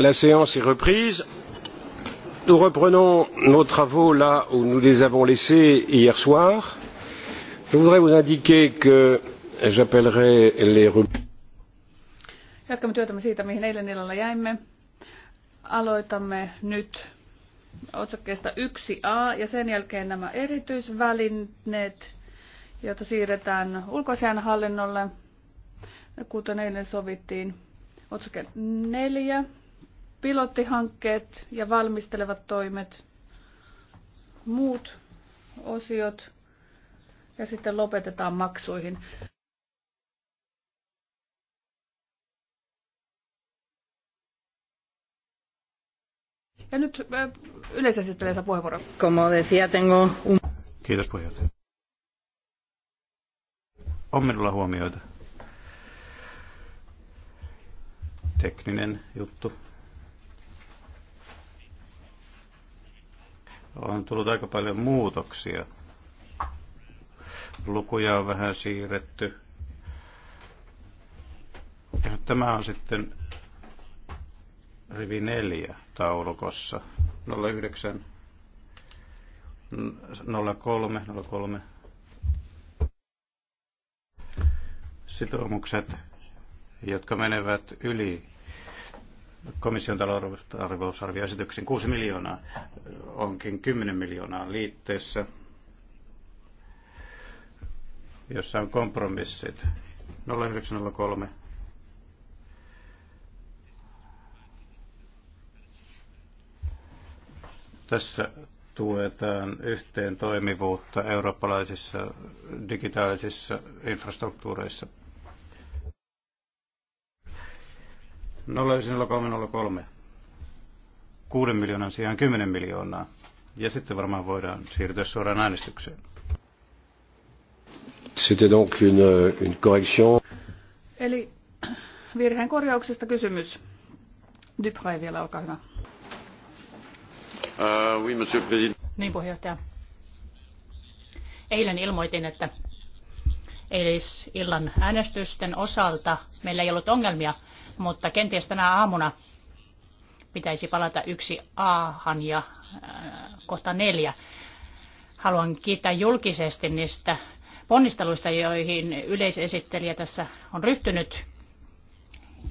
la séance est reprise. nous reprenons nos travaux là où nous les avons laissés hier soir. je voudrais vous indiquer que j'appellerai les. jatkamme työtämme siitä mihin eilen illalla jäimme. aloitamme nyt otsakkeesta 1a ja sen jälkeen nämä erityisvälineet, joita siirretään hallinnolle, kuten eilen sovittiin. Otsake 4, pilottihankkeet ja valmistelevat toimet, muut osiot ja sitten lopetetaan maksuihin. Ja nyt lisää puheenvuoro. Como decía, tengo un... Kiitos puheenjohtaja. On minulla huomioita. Tekninen juttu on tullut aika paljon muutoksia. Lukuja on vähän siirretty. Ja tämä on sitten rivi neljä taulukossa. 09, 03, 03. Sitoumukset, jotka menevät yli komission talousarvioesityksen 6 miljoonaa onkin 10 miljoonaa liitteessä, jossa on kompromissit 0903 Tässä tuetaan yhteen toimivuutta eurooppalaisissa digitaalisissa infrastruktuureissa 0,0303 6 miljoonan sijaan 10 miljoonaa. Ja sitten varmaan voidaan siirtyä suoraan äänestykseen. C'était donc une, une correction. Eli virheen korjauksesta kysymys. Dupré vielä, olkaa hyvä. Uh, oui, monsieur le président. Niin, puheenjohtaja. Eilen ilmoitin, että eilis illan äänestysten osalta meillä ei ollut ongelmia – mutta kenties tänä aamuna pitäisi palata yksi aahan ja äh, kohta neljä. Haluan kiittää julkisesti niistä ponnisteluista, joihin yleisesittelijä tässä on ryhtynyt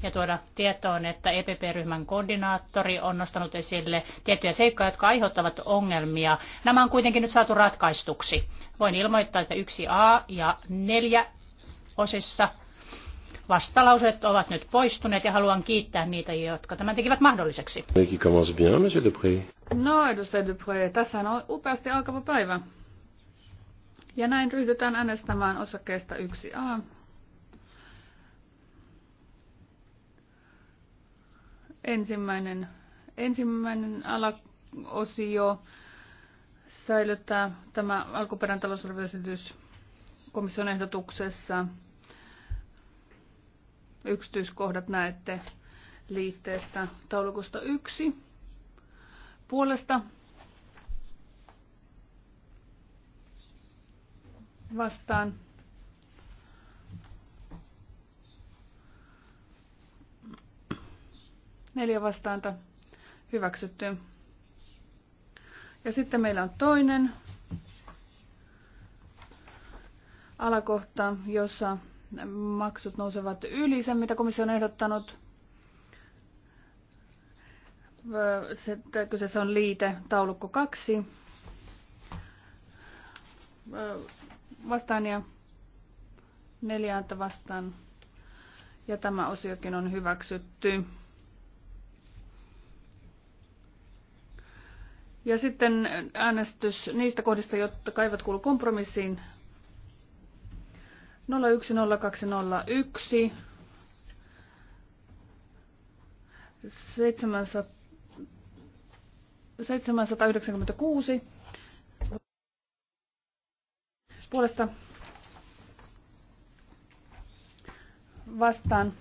ja tuoda tietoon, että EPP-ryhmän koordinaattori on nostanut esille tiettyjä seikkoja, jotka aiheuttavat ongelmia. Nämä on kuitenkin nyt saatu ratkaistuksi. Voin ilmoittaa, että yksi a ja neljä osissa Vastalauseet ovat nyt poistuneet ja haluan kiittää niitä, jotka tämän tekivät mahdolliseksi. No, edustaja Dupré, tässä on upeasti alkava päivä. Ja näin ryhdytään äänestämään osakkeesta 1a. Ensimmäinen, ensimmäinen alaosio säilyttää tämä alkuperäinen talousarvioesitys komission ehdotuksessa Yksityiskohdat näette liitteestä taulukosta 1 puolesta vastaan neljä vastaanta hyväksytty. Ja sitten meillä on toinen alakohta, jossa maksut nousevat yli sen, mitä komissio on ehdottanut. Sitten kyseessä on liite taulukko 2. Vastaan ja neljä vastaan. Ja tämä osiokin on hyväksytty. Ja sitten äänestys niistä kohdista, jotka eivät kuulu kompromissiin, 010201 796 puolesta vastaan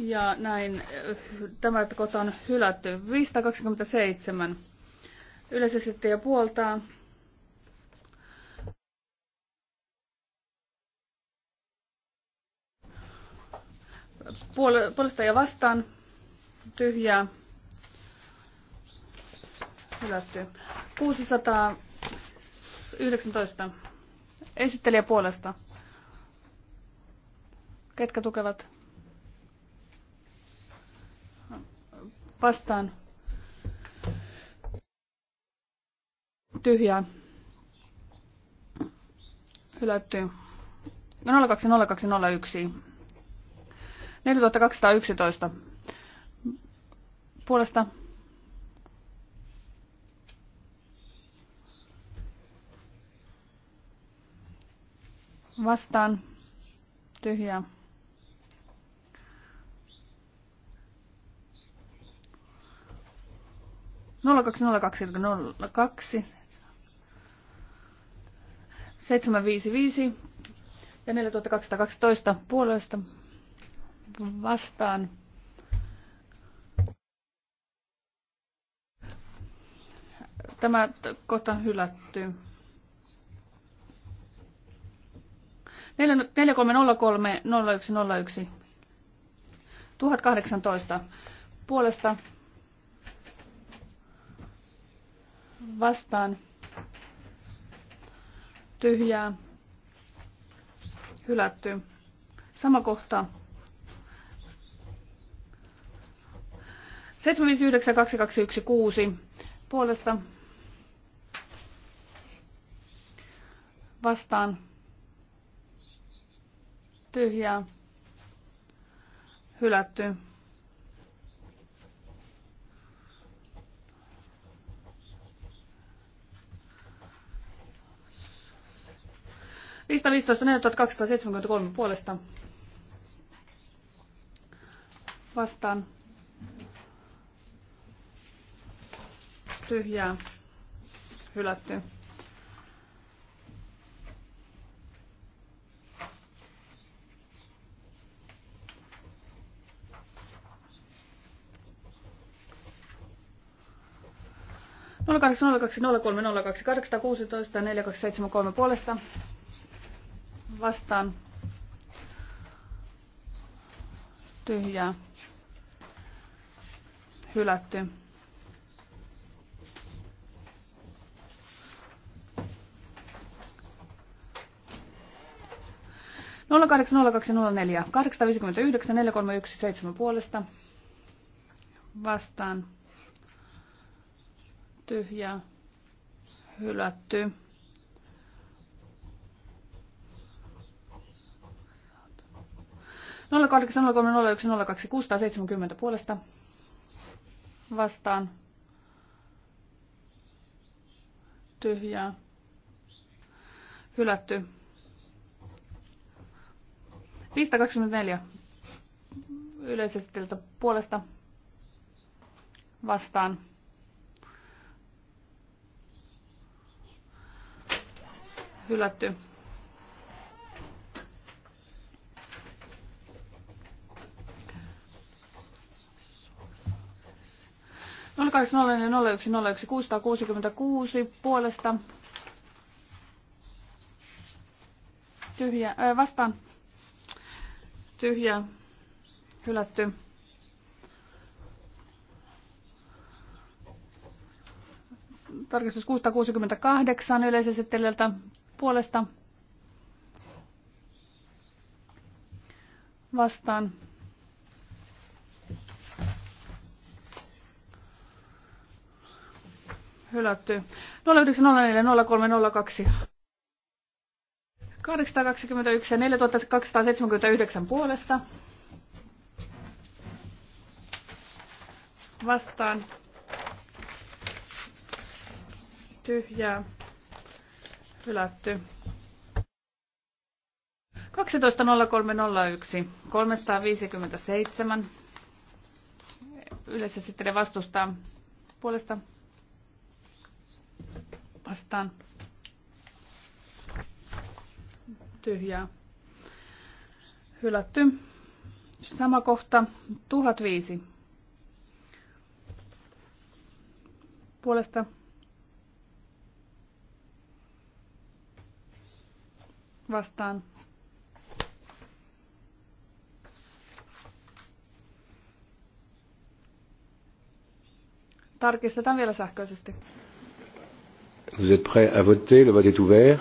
Ja näin tämä kota on hylätty. 527 yleisesittäjä puoltaa. Puolesta ja vastaan tyhjää hylätty. 619 esittelijä puolesta. Ketkä tukevat? vastaan tyhjää hylätty 020201 no, 4211 puolesta vastaan tyhjää 755 ja 4212 puolesta vastaan. Tämä kohta hylättyy. 4303 0101 1018 puolesta vastaan tyhjää hylätty. Sama kohta. 7592216 puolesta vastaan tyhjää hylätty. 515 4273 puolesta vastaan tyhjää hylätty. nolla kaksi nolla kaksi nolla kolme nolla kaksi kahdeksan kuusitoista neljä kaksi seitsemän kolme puolesta vastaan tyhjää hylätty. Nolla kahdeksan nolla kaksi nolla neljä kahdeksanviisikymmentäyhdeksän neljä kolme yksi seitsemän puolesta vastaan tyhjä hylätty. 080301670 puolesta vastaan tyhjää hylätty 524 yleisesti puolesta vastaan hylätty 0800160666 puolesta. Tyhjä, ää, äh, vastaan. Tyhjä, hylätty. Tarkistus 668 yleisesittelijältä puolesta. Vastaan. hylätty. 09040302. 821 ja 4279 puolesta. Vastaan. Tyhjää. Hylätty. 12.03.01, 357. yleisesti vastustaa puolesta vastaan tyhjää hylätty. Sama kohta 1005 puolesta vastaan Tarkistetaan vielä sähköisesti. Vous êtes prêts à voter? Le vote est ouvert.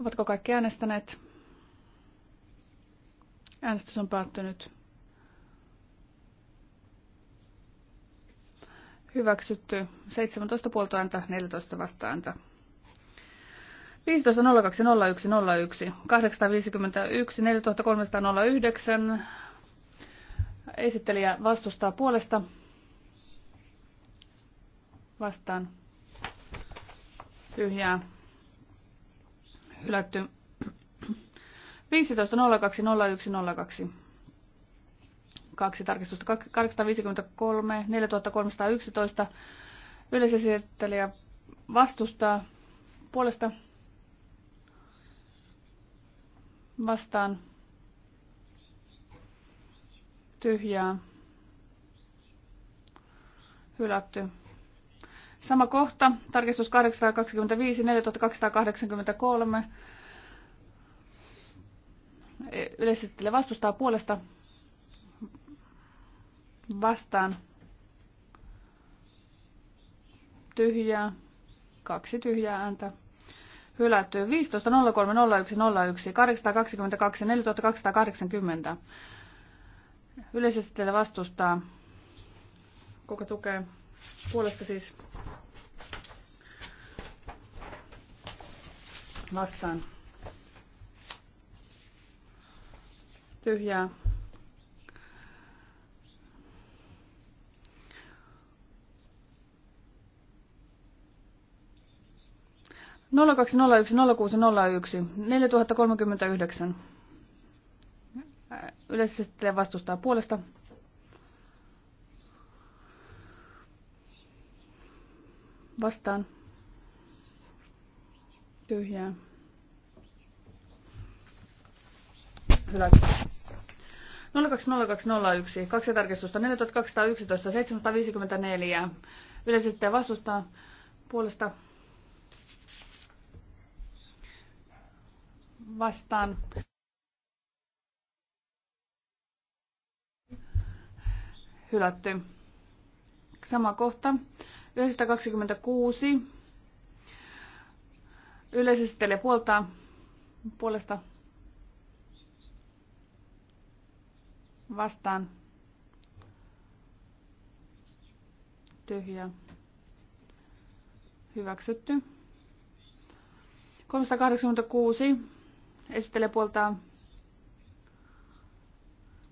Ovatko kaikki äänestäneet? Äänestys on päättynyt. Hyväksytty 17 puolta ääntä, 14 vasta ääntä. 15.02.01.01, 851, Esittelijä vastustaa puolesta vastaan tyhjää hylätty 15.02.01.02. Kaksi tarkistusta 853, 4311. Yleisesittelijä vastustaa puolesta vastaan tyhjää hylätty Sama kohta, tarkistus 825, 4283. E, yleisesittelijä vastustaa puolesta vastaan tyhjää, kaksi tyhjää ääntä. Hylätty 15 03 4280. Yleisesti vastustaa. Kuka tukee? Puolesta siis vastaan tyhjää. Nolla kaksi nolla yksi nolla kuusi nolla yksi neljä tuhatta kolmekymmentä yhdeksän. Yleisesti vastustaa puolesta. Vastaan tyhjää. hyvä 020201, kaksi tarkistusta, 4211, 754. Yleisesti vastustaa puolesta vastaan. Hylätty. Sama kohta. 926 Yleisesittelijä puolta, puolesta vastaan tyhjä hyväksytty. 386 esittelee puoltaan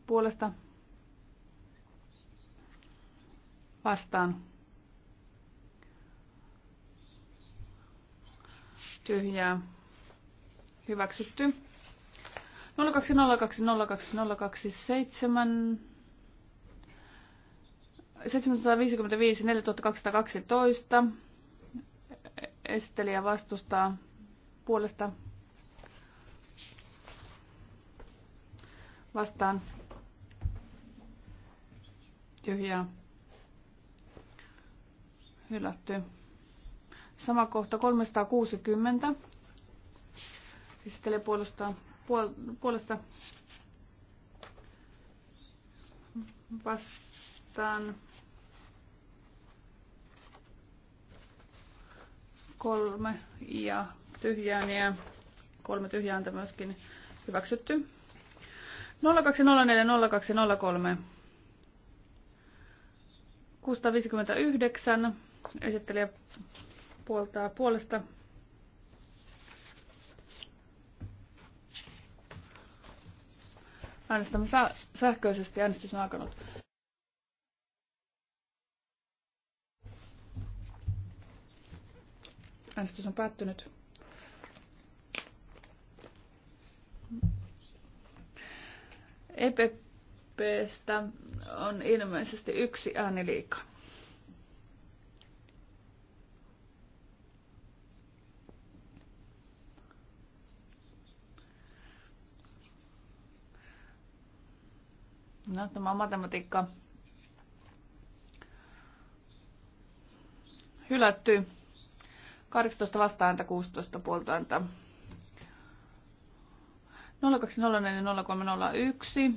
puolesta vastaan tyhjää, hyväksytty. 0202027 4212 esittelijä vastustaa puolesta vastaan tyhjää hylätty. Sama kohta 360. Esittelee puolesta, puol, puolesta vastaan kolme ja tyhjään ja kolme tyhjääntä myöskin hyväksytty. 0204 0203 659 esittelijä puoltaa puolesta Äänestämme sähköisesti. Äänestys on alkanut. Äänestys on päättynyt. EPPstä on ilmeisesti yksi ääni liikaa. No, tämä on matematiikka. Hylätty. 18 vastaanta, 16 puolta ääntä. 02040301.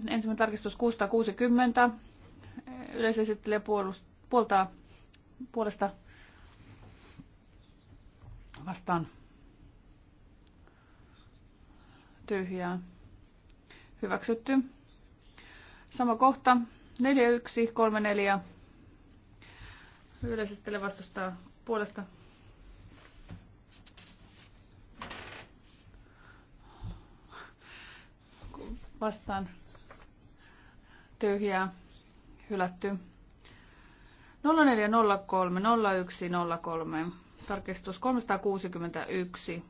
Ensimmäinen tarkistus 660. Yleisesittelijä puoltaa puolesta vastaan tyhjää. Hyväksytty. Sama kohta. 4134. Yleisesti vastustaa puolesta. Vastaan tyhjää, hylätty. 0403 0103, tarkistus 361.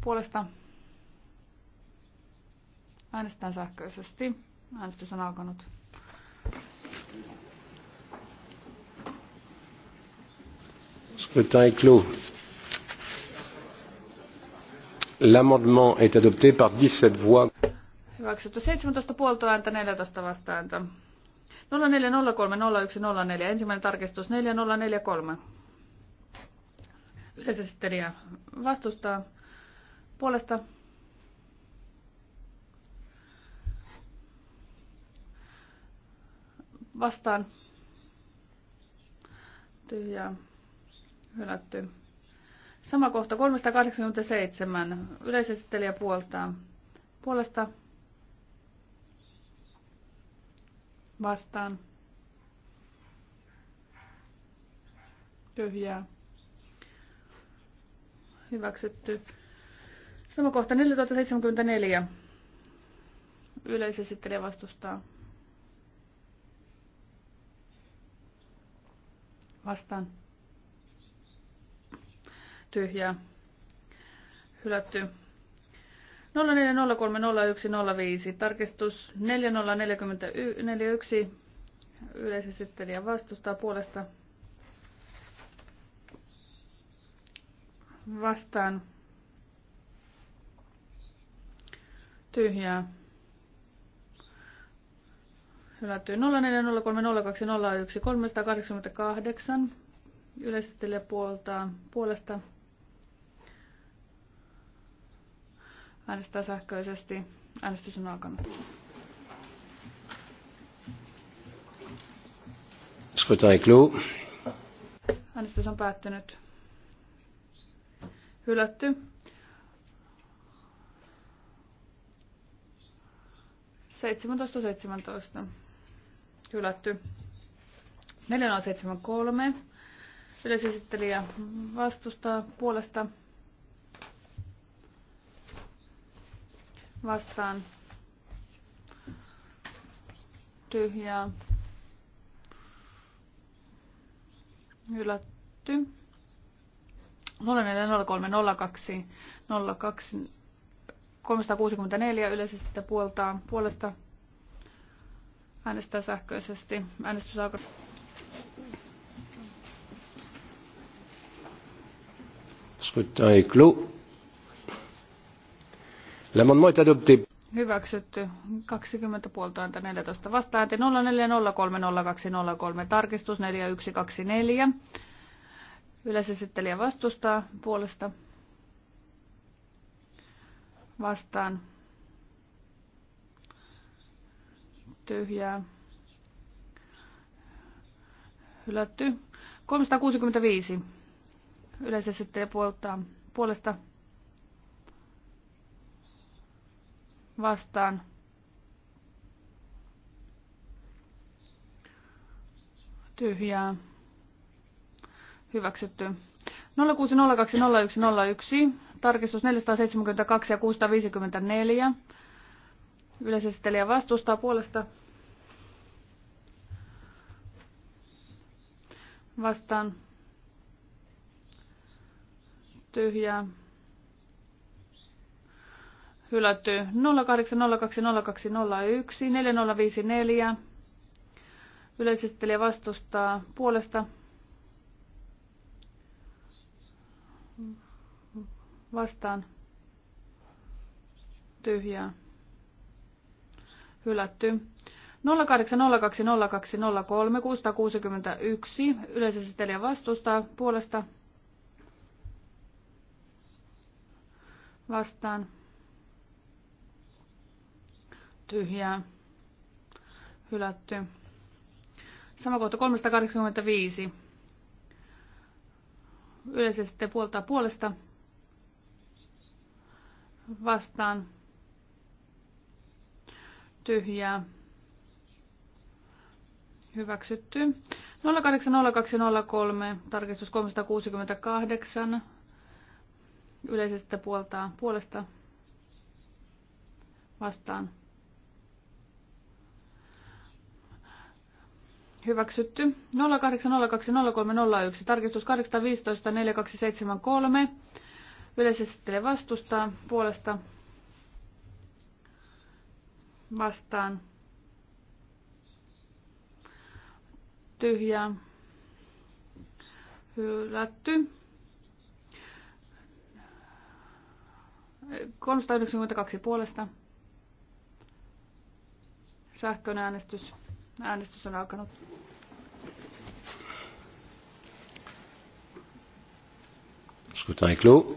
Puolesta Äänestetään sähköisesti. Äänestys on alkanut. Scrutin clos. L'amendement est adopté par 17 voix. Hyväksytty 17 puolta ääntä, 14 vastaääntä. 0403-0104, ensimmäinen tarkistus 4043. Yleisesittelijä vastustaa puolesta vastaan tyhjää hylätty. Sama kohta 387. Yleisesittelijä puoltaa. Puolesta vastaan. Tyhjää. Hyväksytty. Sama kohta 4074. Yleisesittelijä vastustaa. vastaan tyhjää hylätty. 04030105 tarkistus 4041 yleisesittelijä vastustaa puolesta vastaan tyhjää hylättyy 04030201 388 puoltaan puolesta äänestää sähköisesti. Äänestys on alkanut. Äänestys on päättynyt. Hylätty. Seitsemäntoista seitsemäntoista hylätty. 4073. Yleisesittelijä vastustaa puolesta vastaan tyhjää hylätty. 040302 02 364 yleisesti puoltaa puolesta äänestää sähköisesti. Äänestys alkoi. Scrutin est clos. L'amendement est adopté. Hyväksytty. 20 puolta ääntä 14 vasta Äänti 04030203. Tarkistus 4124. Yleisesittelijä vastustaa puolesta. Vastaan. tyhjää, hylätty. 365 sitten puolta, puolesta vastaan. Tyhjää. Hyväksytty. 060201, tarkistus 472 ja 654 Yleisesittelijä vastustaa puolesta. Vastaan. Tyhjää. Hylätty 080202014054. 4054. Yleisesittelijä vastustaa puolesta. Vastaan. Tyhjää hylätty. 08020203 661 yleisesittelijä vastustaa puolesta vastaan tyhjää hylätty. Sama kohta 385. Yleisesti puolta puolesta vastaan tyhjää, hyväksytty. 080203, tarkistus 368, yleisestä puolta, puolesta vastaan. Hyväksytty. 08020301, tarkistus 815 4273, yleisesittelee vastustaa, puolesta vastaan tyhjää hylätty. 392 puolesta. Sähköinen äänestys. Äänestys on alkanut. Scrutin clos.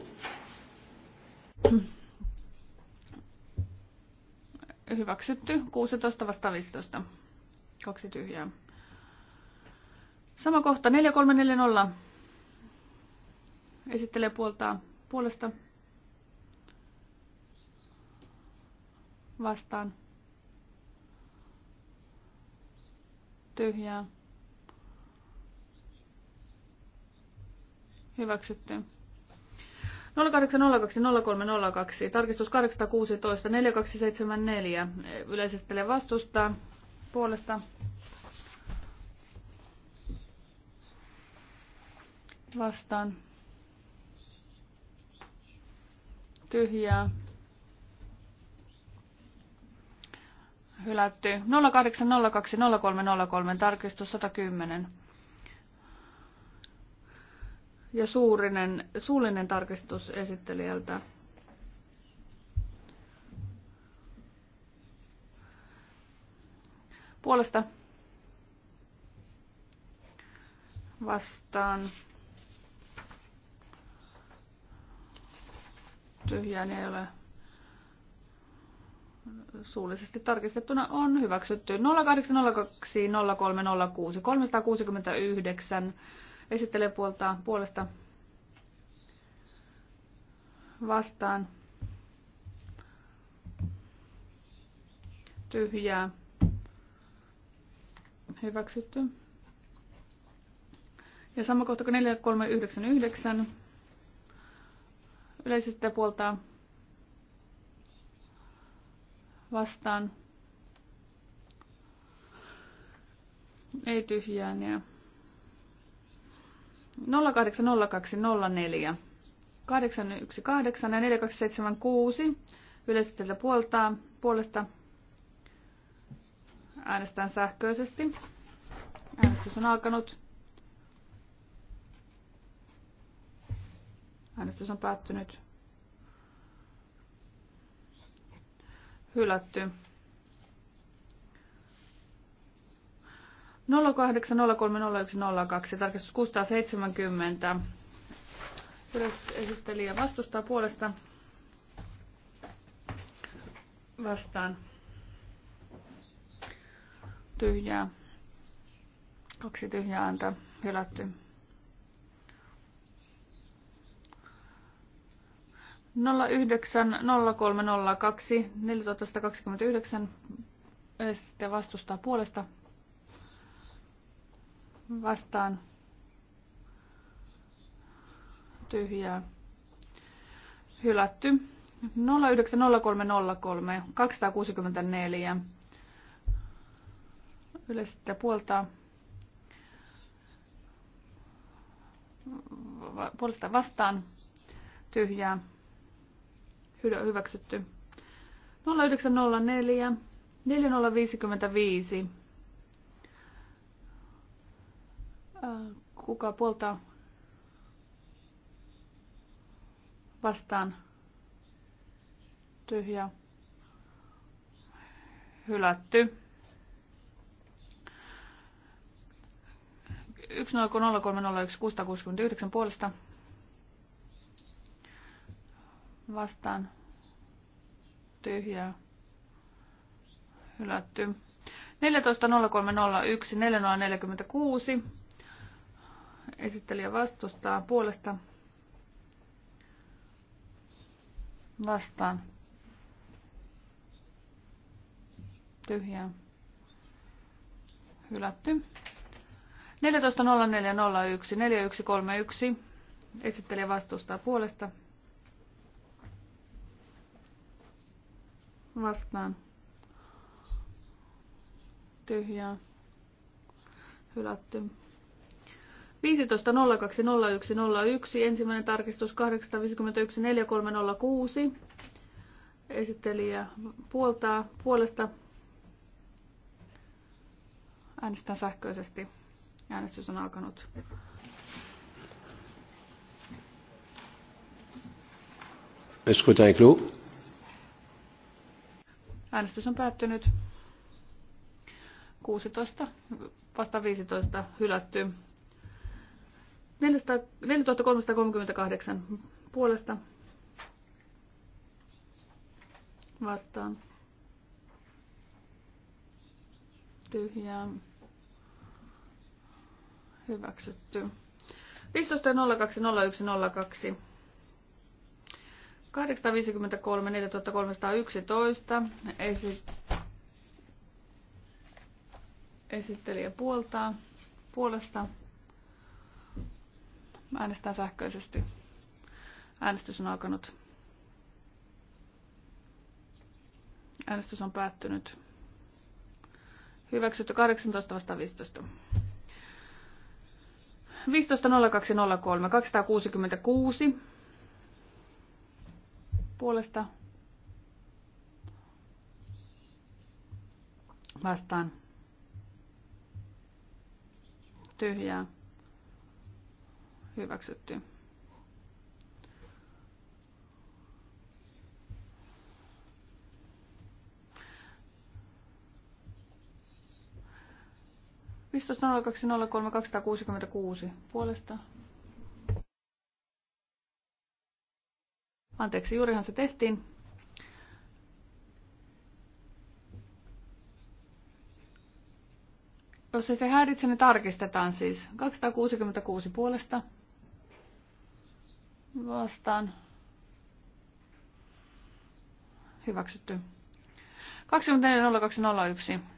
Hmm. Hyväksytty 16 vastaan 15. Kaksi tyhjää. Sama kohta 4340. Esittelee puolta puolesta vastaan. Tyhjää. Hyväksytty. 08020302, tarkistus 816, 4274, yleisesttele vastusta puolesta. Vastaan. Tyhjää. Hylätty. 08020303, tarkistus 110 ja suurinen, suullinen tarkistus esittelijältä. Puolesta vastaan tyhjään niin ei ole suullisesti tarkistettuna on hyväksytty 0802 0306 369 Esittelee puolta, puolesta vastaan. Tyhjää. Hyväksytty. Ja sama kohta kuin 4399. Yleisesti puolta vastaan. Ei tyhjään ja 080204 818 ja 4276 yleisesti puolesta äänestään sähköisesti. Äänestys on alkanut. Äänestys on päättynyt. Hylätty. 08030102, tarkistus 670. Yleisesittelijä vastustaa puolesta vastaan tyhjää. Kaksi tyhjää ääntä hylätty. 090302 1429 sitten vastustaa puolesta vastaan tyhjää hylätty. 090303 264 yleistä puolta puolesta vastaan tyhjää hyväksytty 0904 4055 Äh, kuka puolta vastaan tyhjä hylätty. 1.03.01.669 puolesta vastaan tyhjä hylätty. 14.03.01.4046 Esittelijä vastustaa puolesta vastaan. Tyhjää. Hylätty. 14.04.01. 4131. Esittelijä vastustaa puolesta. Vastaan. Tyhjää. Hylätty. 15.02.01.01, ensimmäinen tarkistus 851.4306. Esittelijä puoltaa puolesta. Äänestän sähköisesti. Äänestys on alkanut. Äänestys on päättynyt. 16 vasta 15 hylätty. 4338 puolesta vastaan. Tyhjää. Hyväksytty. 15.02.01.02. 853 4311 Esi- esittelijä puolta, puolesta äänestän sähköisesti. Äänestys on alkanut. Äänestys on päättynyt. Hyväksytty 18 vasta 15. 15.02.03. 266 puolesta vastaan tyhjää Hyväksytty. kuusi puolesta. Anteeksi, juurihan se tehtiin. Jos ei se häiritse, niin tarkistetaan siis. 266 puolesta vastaan hyväksytty. 24.0201,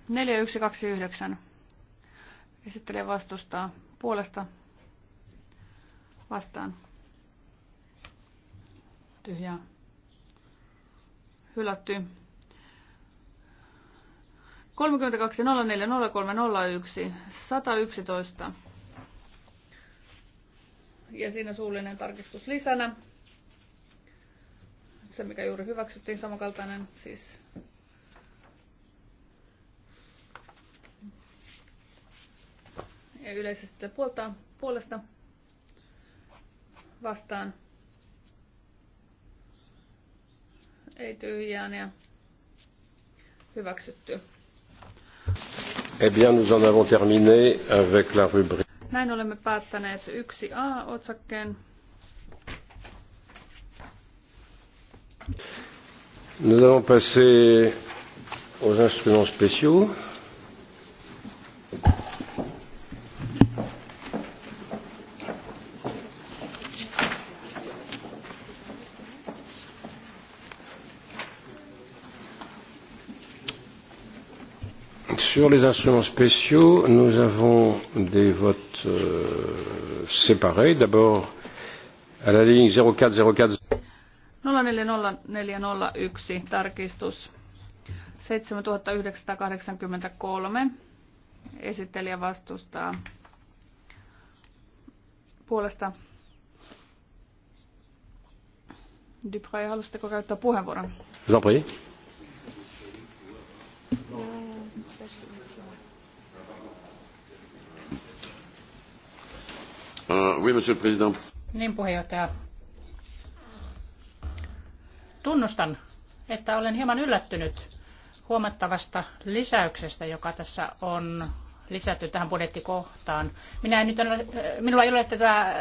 4129. Esittelijä vastustaa puolesta vastaan. Tyhjää. Hylätty. 32.04.03.01. 111 ja siinä suullinen tarkistus lisänä. Se, mikä juuri hyväksyttiin, samankaltainen siis ja yleisesti puolta, puolesta vastaan. Ei tyhjään ja hyväksytty. Eh bien, nous en avons terminé avec la rubrique. Näin olemme päättäneet 1a-otsakkeen. Nous allons passer aux instruments spéciaux. Sur les instruments spéciaux, nous avons des votes euh, séparés. D'abord, à la ligne 0404. 040401 tarkistus 7983. Esittelijä vastustaa puolesta. Dupré, haluaisitteko käyttää puheenvuoron? Vous en Euh, oui, monsieur le président. Niin, puheenjohtaja. Tunnustan, että olen hieman yllättynyt huomattavasta lisäyksestä, joka tässä on lisätty tähän budjettikohtaan. Minä en nyt ole, minulla ei ole tätä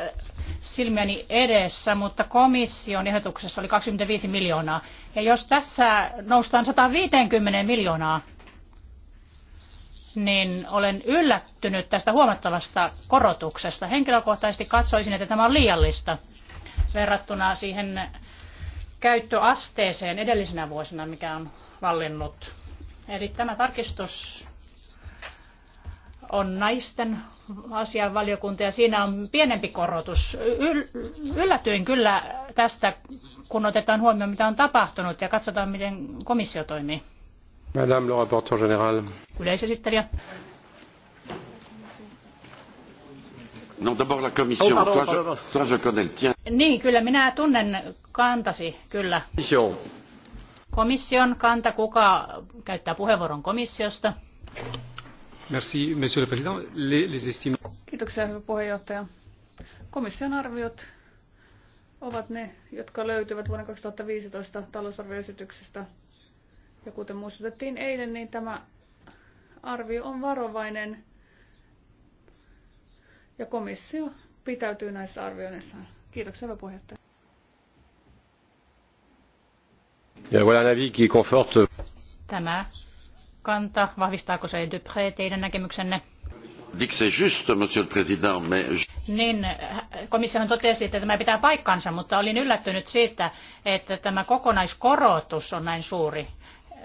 silmiäni edessä, mutta komission ehdotuksessa oli 25 miljoonaa. Ja jos tässä noustaan 150 miljoonaa, niin olen yllättynyt tästä huomattavasta korotuksesta. Henkilökohtaisesti katsoisin, että tämä on liiallista verrattuna siihen käyttöasteeseen edellisenä vuosina, mikä on vallinnut. Eli tämä tarkistus on naisten asianvaliokunta ja siinä on pienempi korotus. Yllätyin kyllä tästä, kun otetaan huomioon, mitä on tapahtunut ja katsotaan, miten komissio toimii. Madame le rapporteur général. Yleisesittelijä. Non, d'abord la commission. Oh, pardon, toi, pardon, Je, toi, je connais le tien. Niin, kyllä minä tunnen kantasi, kyllä. Komission. Komission kanta, kuka käyttää puheenvuoron komissiosta? Merci, monsieur le président. Les, les estim... Kiitoksia, hyvä puheenjohtaja. Komission arviot ovat ne, jotka löytyvät vuoden 2015 talousarvioesityksestä ja kuten muistutettiin eilen, niin tämä arvio on varovainen ja komissio pitäytyy näissä arvioinneissaan. Kiitoksia, hyvä puheenjohtaja. Tämä kanta, vahvistaako se Dupré teidän näkemyksenne? Dit c'est juste, monsieur le président, mais... Niin, komissiohan totesi, että tämä pitää paikkansa, mutta olin yllättynyt siitä, että tämä kokonaiskorotus on näin suuri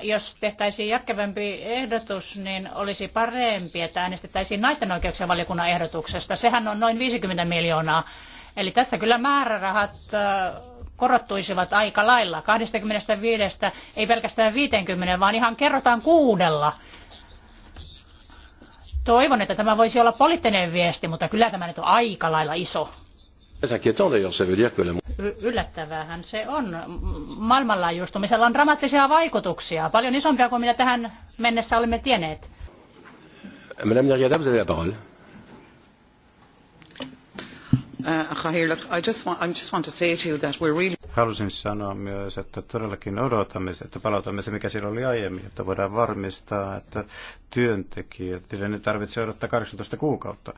jos tehtäisiin järkevämpi ehdotus, niin olisi parempi, että äänestettäisiin naisten oikeuksien valiokunnan ehdotuksesta. Sehän on noin 50 miljoonaa. Eli tässä kyllä määrärahat korottuisivat aika lailla. 25 ei pelkästään 50, vaan ihan kerrotaan kuudella. Toivon, että tämä voisi olla poliittinen viesti, mutta kyllä tämä nyt on aika lailla iso. Yllättävähän se on. Maailmanlaajuistumisella on dramaattisia vaikutuksia, paljon isompia kuin mitä tähän mennessä olemme tienneet. Euh, Madame Nariada, vous avez la parole. Euh, Halusin sanoa myös, että todellakin odotamme, että palautamme se, mikä siellä oli aiemmin, että voidaan varmistaa, että työntekijät, ei tarvitse odottaa 18 kuukautta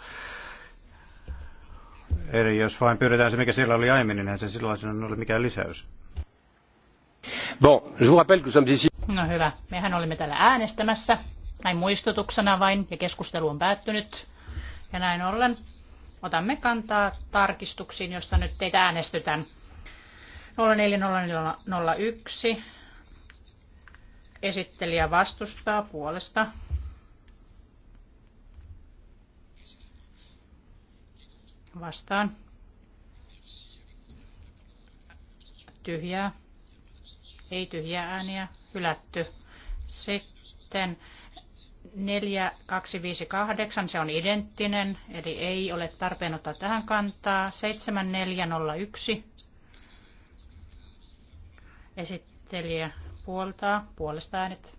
Eli jos vain pyydetään se, mikä siellä oli aiemmin, niin se silloin ole mikään lisäys. Bon, je vous rappelle que sommes ici. No hyvä, mehän olimme täällä äänestämässä, näin muistutuksena vain, ja keskustelu on päättynyt. Ja näin ollen otamme kantaa tarkistuksiin, josta nyt teitä äänestytään. 040401. Esittelijä vastustaa puolesta vastaan. Tyhjää. Ei tyhjää ääniä. Hylätty. Sitten 4258, se on identtinen, eli ei ole tarpeen ottaa tähän kantaa. 7401. Esittelijä puoltaa, puolesta äänet.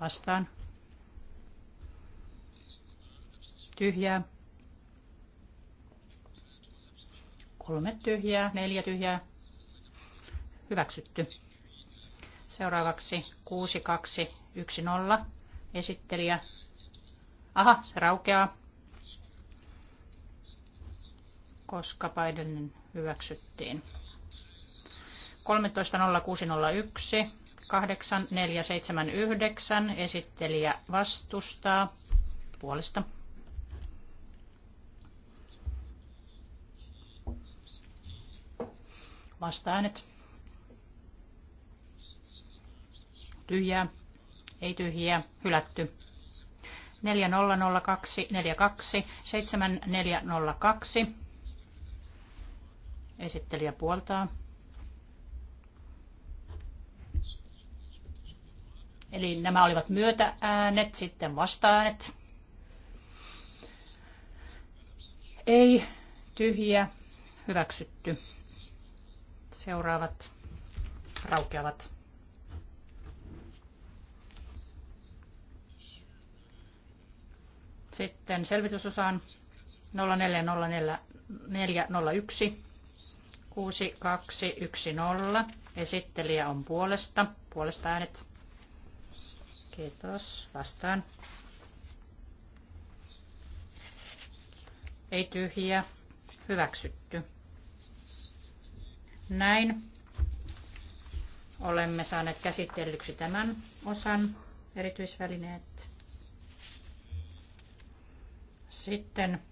Vastaan. tyhjää, kolme tyhjää, neljä tyhjää, hyväksytty. Seuraavaksi 0. esittelijä. Aha, se raukeaa, koska Bidenin hyväksyttiin. 13.06.01, 8479 esittelijä vastustaa puolesta. Vasta-äänet. Tyhjää. Ei tyhjiä. Hylätty. 4002, 42, 7402. Esittelijä puoltaa. Eli nämä olivat myötääänet, sitten vastaäänet. Ei, tyhjiä, hyväksytty. Seuraavat raukeavat. Sitten selvitysosaan 040401 6210. Esittelijä on puolesta. Puolesta äänet. Kiitos. Vastaan. Ei tyhjiä. Hyväksytty. Näin olemme saaneet käsitellyksi tämän osan erityisvälineet. Sitten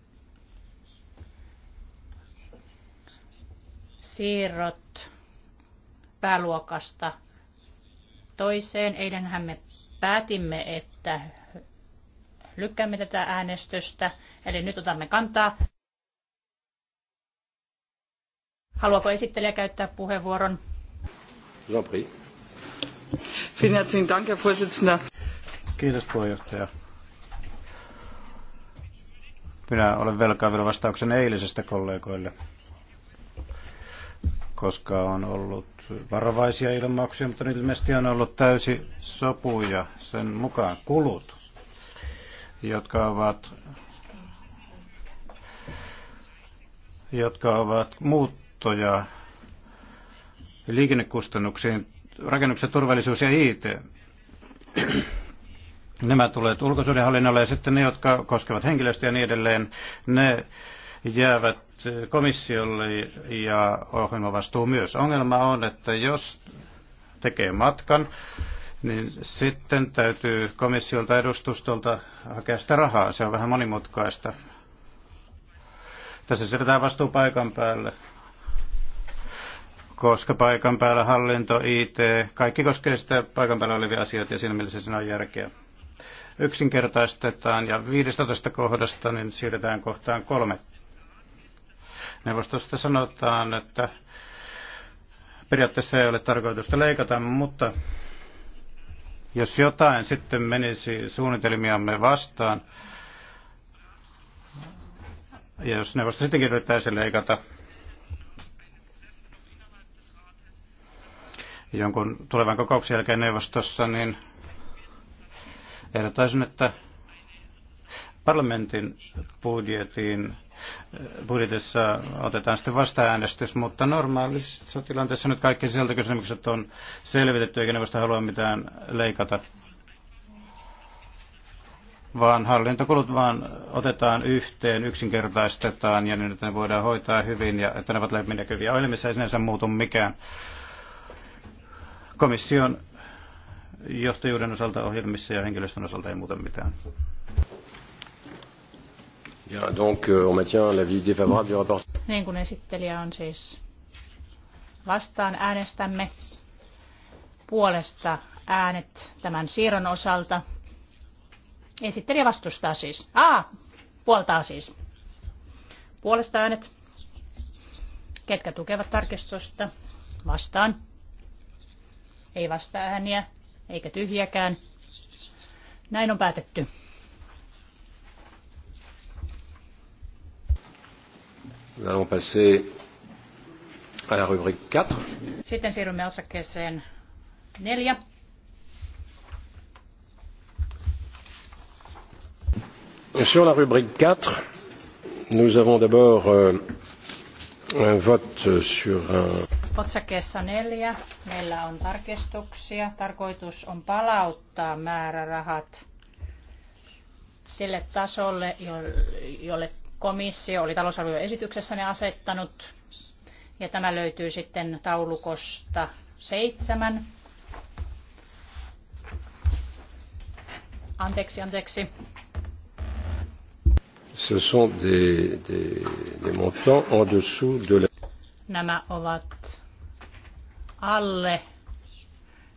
siirrot pääluokasta toiseen. Eilenhän me päätimme, että lykkäämme tätä äänestystä, eli nyt otamme kantaa. Haluaako esittelijä käyttää puheenvuoron? Kiitos puheenjohtaja. Minä olen velkaa vielä vastauksen eilisestä kollegoille, koska on ollut varovaisia ilmauksia, mutta ilmeisesti on ollut täysi sopu ja sen mukaan kulut, jotka ovat, jotka ovat muuttuneet kattoja liikennekustannuksiin, rakennuksen turvallisuus ja IT. Nämä tulevat ulkosuudenhallinnolle ja sitten ne, jotka koskevat henkilöstöä ja niin edelleen, ne jäävät komissiolle ja ohjelmavastuu myös. Ongelma on, että jos tekee matkan, niin sitten täytyy komissiolta edustustolta hakea sitä rahaa. Se on vähän monimutkaista. Tässä siirretään vastuu paikan päälle koska paikan päällä hallinto, IT, kaikki koskee sitä paikan päällä olevia asioita ja siinä mielessä siinä on järkeä. Yksinkertaistetaan ja 15 kohdasta niin siirretään kohtaan kolme. Neuvostosta sanotaan, että periaatteessa ei ole tarkoitusta leikata, mutta jos jotain sitten menisi suunnitelmiamme vastaan, ja jos neuvosto sittenkin yrittäisi leikata, jonkun tulevan kokouksen jälkeen neuvostossa, niin ehdottaisin, että parlamentin budjetin, budjetissa otetaan sitten vastaäänestys, mutta normaalissa tilanteessa nyt kaikki kysymykset on selvitetty, eikä neuvosto halua mitään leikata vaan hallintokulut vaan otetaan yhteen, yksinkertaistetaan ja niin, että ne voidaan hoitaa hyvin ja että ne ovat läpinäkyviä. Ohjelmissa ei sinänsä muutu mikään komission johtajuuden osalta ohjelmissa ja henkilöstön osalta ei muuta mitään. Ja, donc, euh, on maintient l'avis défavorable du rapport. Niin kuin esittelijä on siis vastaan äänestämme puolesta äänet tämän siirron osalta. Esittelijä vastustaa siis. A, puoltaa siis. Puolesta äänet. Ketkä tukevat tarkistusta? Vastaan ei vasta ääniä, eikä tyhjäkään. Näin on päätetty. Sitten siirrymme osakkeeseen neljä. Sur la rubrique 4, nous avons d'abord euh, un vote sur un Otsakeessa neljä meillä on tarkistuksia. Tarkoitus on palauttaa määrärahat sille tasolle, jolle komissio oli talousarvioesityksessä ne asettanut. Ja tämä löytyy sitten taulukosta seitsemän. Anteeksi, anteeksi. Ce sont des, des, des montants en dessous de la... Nämä ovat alle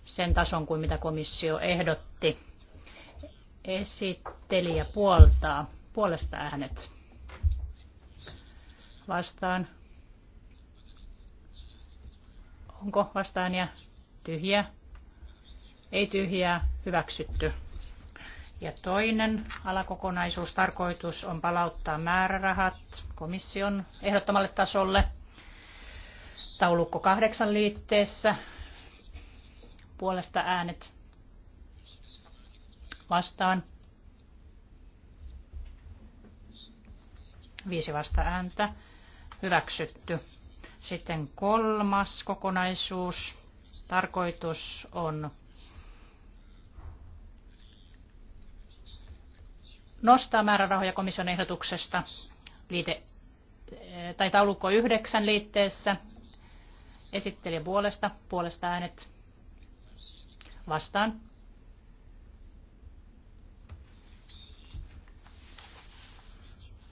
sen tason kuin mitä komissio ehdotti. Esittelijä puoltaa puolesta äänet. Vastaan. Onko vastaan ja tyhjä? Ei tyhjää, hyväksytty. Ja toinen alakokonaisuus tarkoitus on palauttaa määrärahat komission ehdottomalle tasolle – Taulukko kahdeksan liitteessä. Puolesta äänet vastaan. Viisi vasta ääntä. Hyväksytty. Sitten kolmas kokonaisuus. Tarkoitus on nostaa määrärahoja komission ehdotuksesta liite, eh, tai taulukko 9 liitteessä Esittelijä puolesta. Puolesta äänet. Vastaan.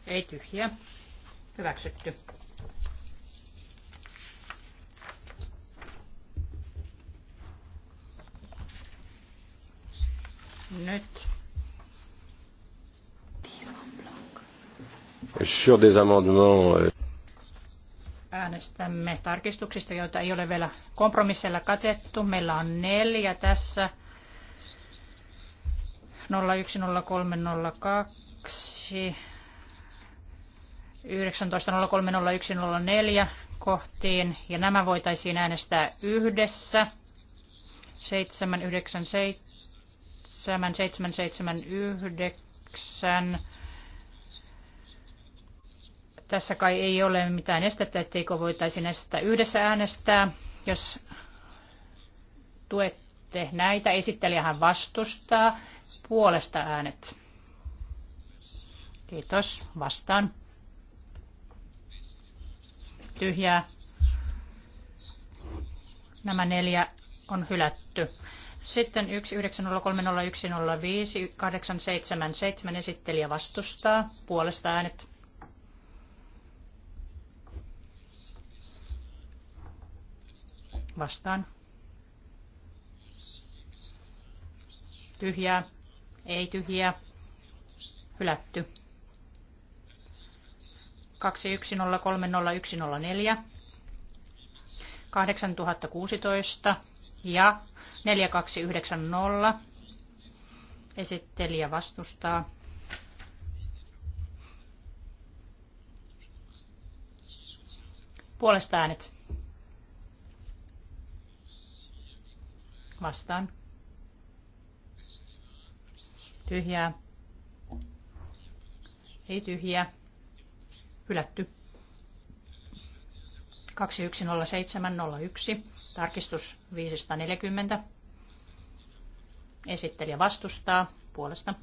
Ei tyhjiä. Hyväksytty. Nyt. Sur des amendements euh, äänestämme tarkistuksista, joita ei ole vielä kompromisseilla katettu. Meillä on neljä tässä. 010302, 19.03.01.04 kohtiin, ja nämä voitaisiin äänestää yhdessä. 797, tässä kai ei ole mitään estettä, etteikö voitaisiin näistä yhdessä äänestää, jos tuette näitä. Esittelijähän vastustaa puolesta äänet. Kiitos. Vastaan. Tyhjää. Nämä neljä on hylätty. Sitten 1903015877 esittelijä vastustaa. Puolesta äänet. vastaan. Tyhjää, ei tyhjää, hylätty. 21030104, 8016 ja 4290. Esittelijä vastustaa. Puolesta äänet. vastaan. Tyhjää. Ei tyhjää. Hylätty. 210701. Tarkistus 540. Esittelijä vastustaa puolesta.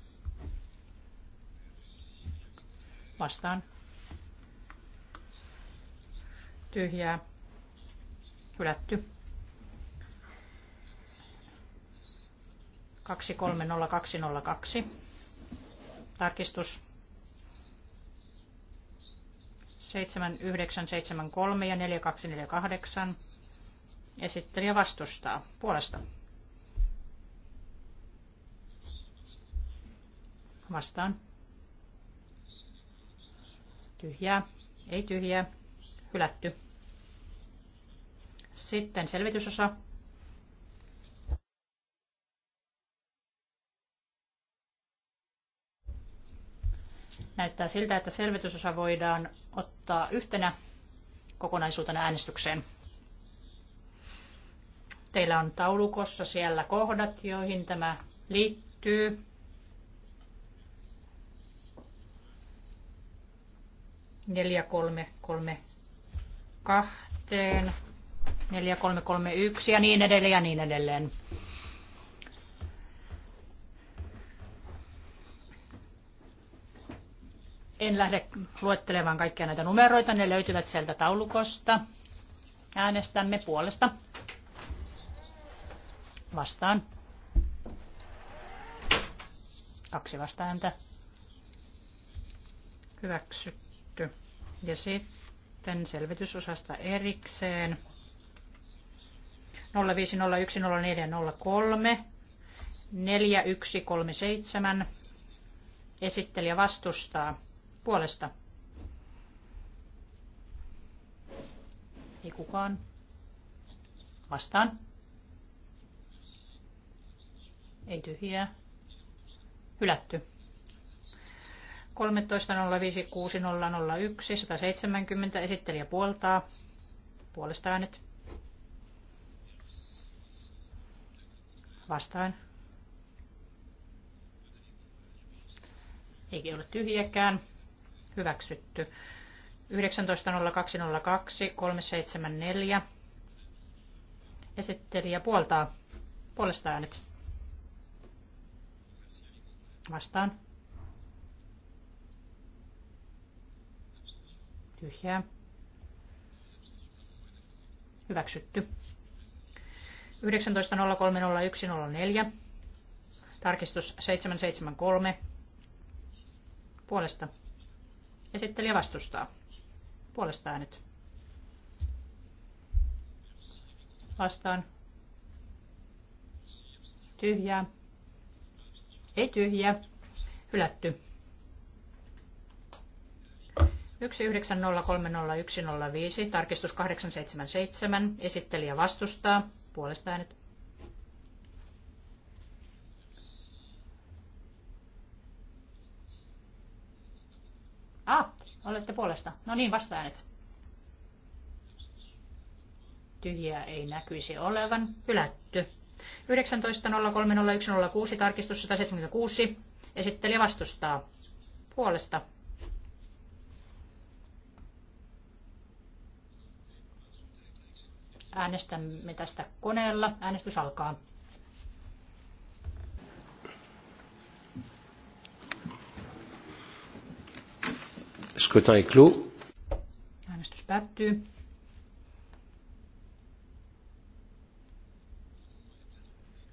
Vastaan. Tyhjää. Hylätty. 230202. Tarkistus 7973 ja 4248. Esittelijä vastustaa puolesta. Vastaan. Tyhjää. Ei tyhjää. Hylätty. Sitten selvitysosa. Näyttää siltä, että selvitysosa voidaan ottaa yhtenä kokonaisuutena äänestykseen. Teillä on taulukossa siellä kohdat, joihin tämä liittyy. Neljä kolme kolme kahteen, neljä kolme kolme yksi ja niin edelleen ja niin edelleen. En lähde luettelemaan kaikkia näitä numeroita, ne löytyvät sieltä taulukosta. Äänestämme puolesta. Vastaan. Kaksi vastaääntä. Hyväksytty. Ja sitten selvitysosasta erikseen. 0501403 4137 esittelijä vastustaa puolesta. Ei kukaan. Vastaan. Ei tyhjää. Hylätty. 13.05.6001, 170 esittelijä puoltaa. Puolesta äänet. Vastaan. Eikä ole tyhjäkään hyväksytty. 19.02.02.374. Esittelijä puoltaa. Puolesta äänet. Vastaan. Tyhjää. Hyväksytty. 19.03.01.04. Tarkistus 773. Puolesta Esittelijä vastustaa. Puolesta äänet. Vastaan. Tyhjää. Ei tyhjää. Hylätty. 1903015, tarkistus 877, esittelijä vastustaa, puolesta äänet Olette puolesta. No niin, vastaajat. Tyhjää ei näkyisi olevan. Hylätty. 19.03.01.06 tarkistus 176. Esitteli vastustaa. Puolesta. Äänestämme tästä koneella. Äänestys alkaa. Scrutin est clos. Äänestys päättyy.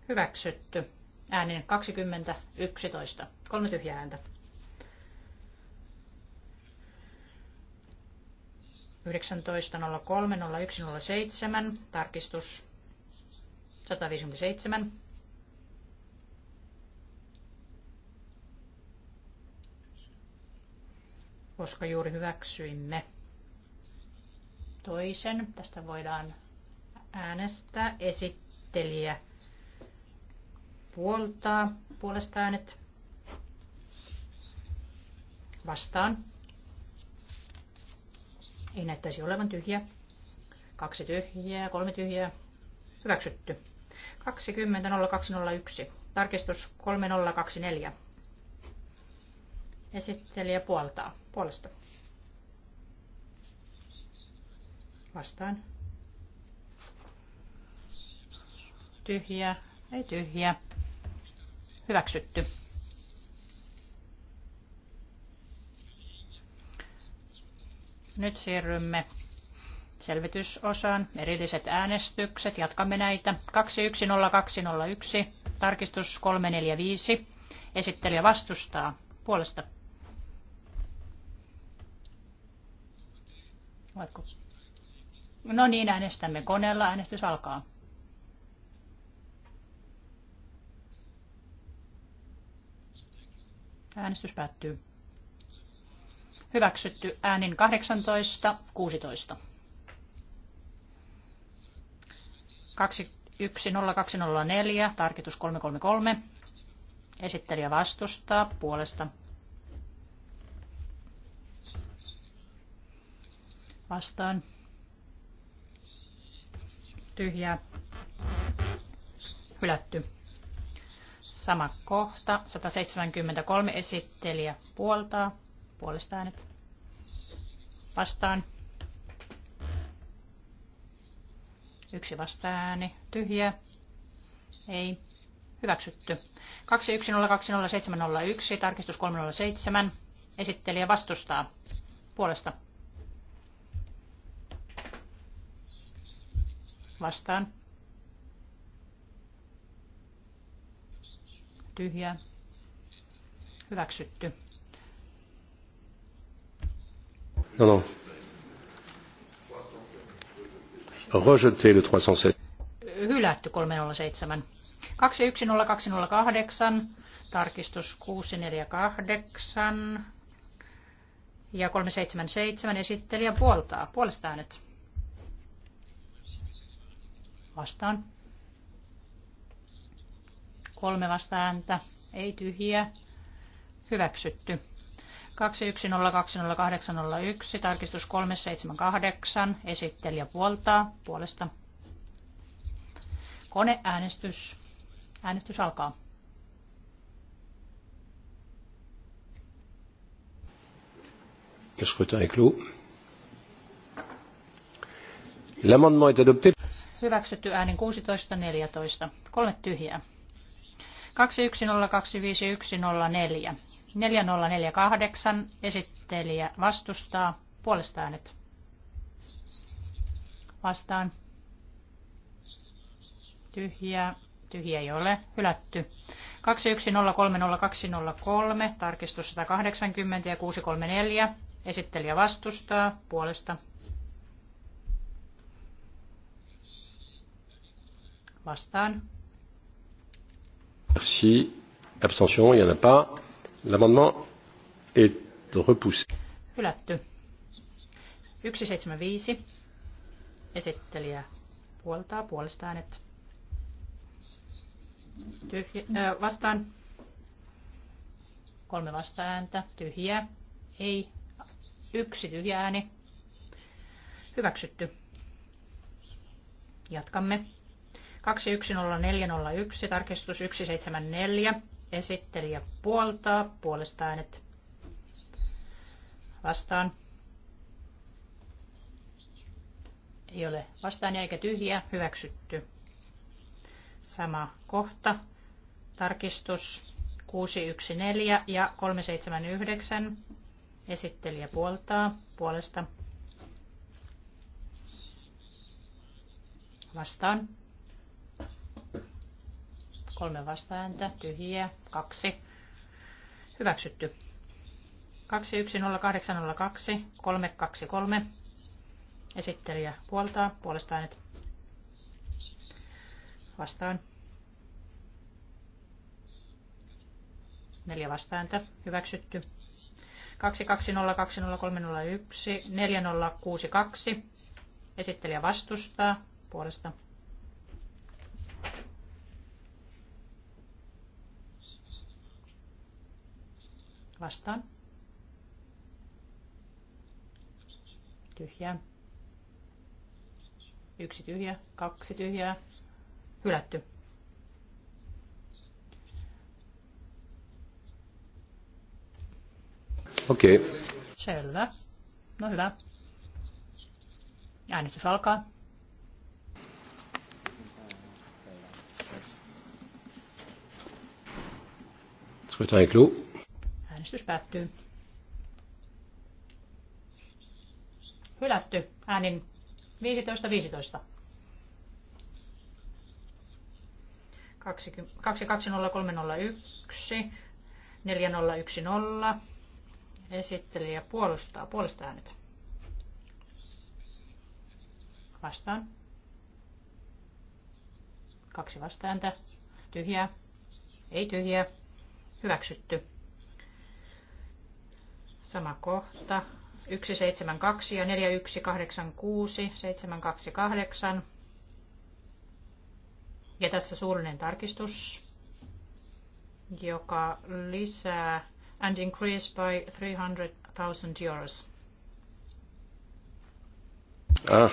Hyväksytty. Äänin 20, 11. Kolme tyhjää ääntä. 19.03.01.07. Tarkistus 157. koska juuri hyväksyimme toisen. Tästä voidaan äänestää esittelijä puoltaa puolesta äänet vastaan. Ei näyttäisi olevan tyhjä. Kaksi tyhjää, kolme tyhjää. Hyväksytty. 20.0201. Tarkistus 3024. Esittelijä puoltaa puolesta. Vastaan. Tyhjä, ei tyhjä. Hyväksytty. Nyt siirrymme selvitysosaan. Erilliset äänestykset. Jatkamme näitä. 210201. Tarkistus 345. Esittelijä vastustaa. Puolesta. Ovatko? No niin, äänestämme koneella. Äänestys alkaa. Äänestys päättyy. Hyväksytty äänin 18, 16. 210204, tarkitus 333. Esittelijä vastustaa puolesta vastaan. tyhjä Hylätty. Sama kohta. 173 esittelijä puoltaa. Puolesta äänet. Vastaan. Yksi vastaääni. Tyhjä. Ei. Hyväksytty. 2102071, tarkistus 307. Esittelijä vastustaa. Puolesta. Vastaan. Tyhjä. Hyväksytty. No, no. Rejeté le 307. Hylätty 307. 210208, tarkistus 648 ja 377 esittelijä puoltaa. Puolesta äänet vastaan. Kolme vasta ääntä, ei tyhjiä, hyväksytty. 21020801, tarkistus 378, esittelijä puoltaa puolesta. Koneäänestys. Äänestys alkaa. Le scrutin est clos. L'amendement est adopté hyväksytty äänin 16.14. Kolme tyhjää. 2102514 4048 esittelijä vastustaa. Puolesta äänet. Vastaan. Tyhjää. Tyhjä ei ole. Hylätty. 21030203. Tarkistus 180 ja 634. Esittelijä vastustaa. Puolesta Vastaan. Merci. Abstention, il n'y en a pas. L'amendement est repoussé. Hylätty. 175. Esittelijä puoltaa puolestaan, äänet. Tyhjä, äh, vastaan. Kolme vastaääntä. Tyhjä. Ei. Yksi tyhjä ääni. Hyväksytty. Jatkamme. 210401, tarkistus 174, esittelijä puoltaa, puolesta äänet vastaan. Ei ole vastaan eikä tyhjiä, hyväksytty. Sama kohta, tarkistus 614 ja 379, esittelijä puoltaa, puolesta vastaan kolme vastaääntä, tyhjiä, kaksi. Hyväksytty. 210802, 323. Esittelijä puoltaa, puolesta äänet vastaan. Neljä vastaääntä, hyväksytty. 22020301, 4062. Esittelijä vastustaa, puolesta Vastaan. Tyhjää. Yksi tyhjä, kaksi tyhjää. Hylätty. Okei. Okay. Selvä. No hyvä. Äänestys alkaa. Scrutin clos. Äänestys päättyy. Hylätty äänin 15-15. 220301, 4010, esittelijä puolustaa, puolesta äänet. Vastaan. Kaksi vastaääntä. Tyhjää. Ei tyhjää. Hyväksytty. Sama kohta. 172 ja 4186, 728. Ja tässä suullinen tarkistus, joka lisää and increase by 300,000 euros. Ah.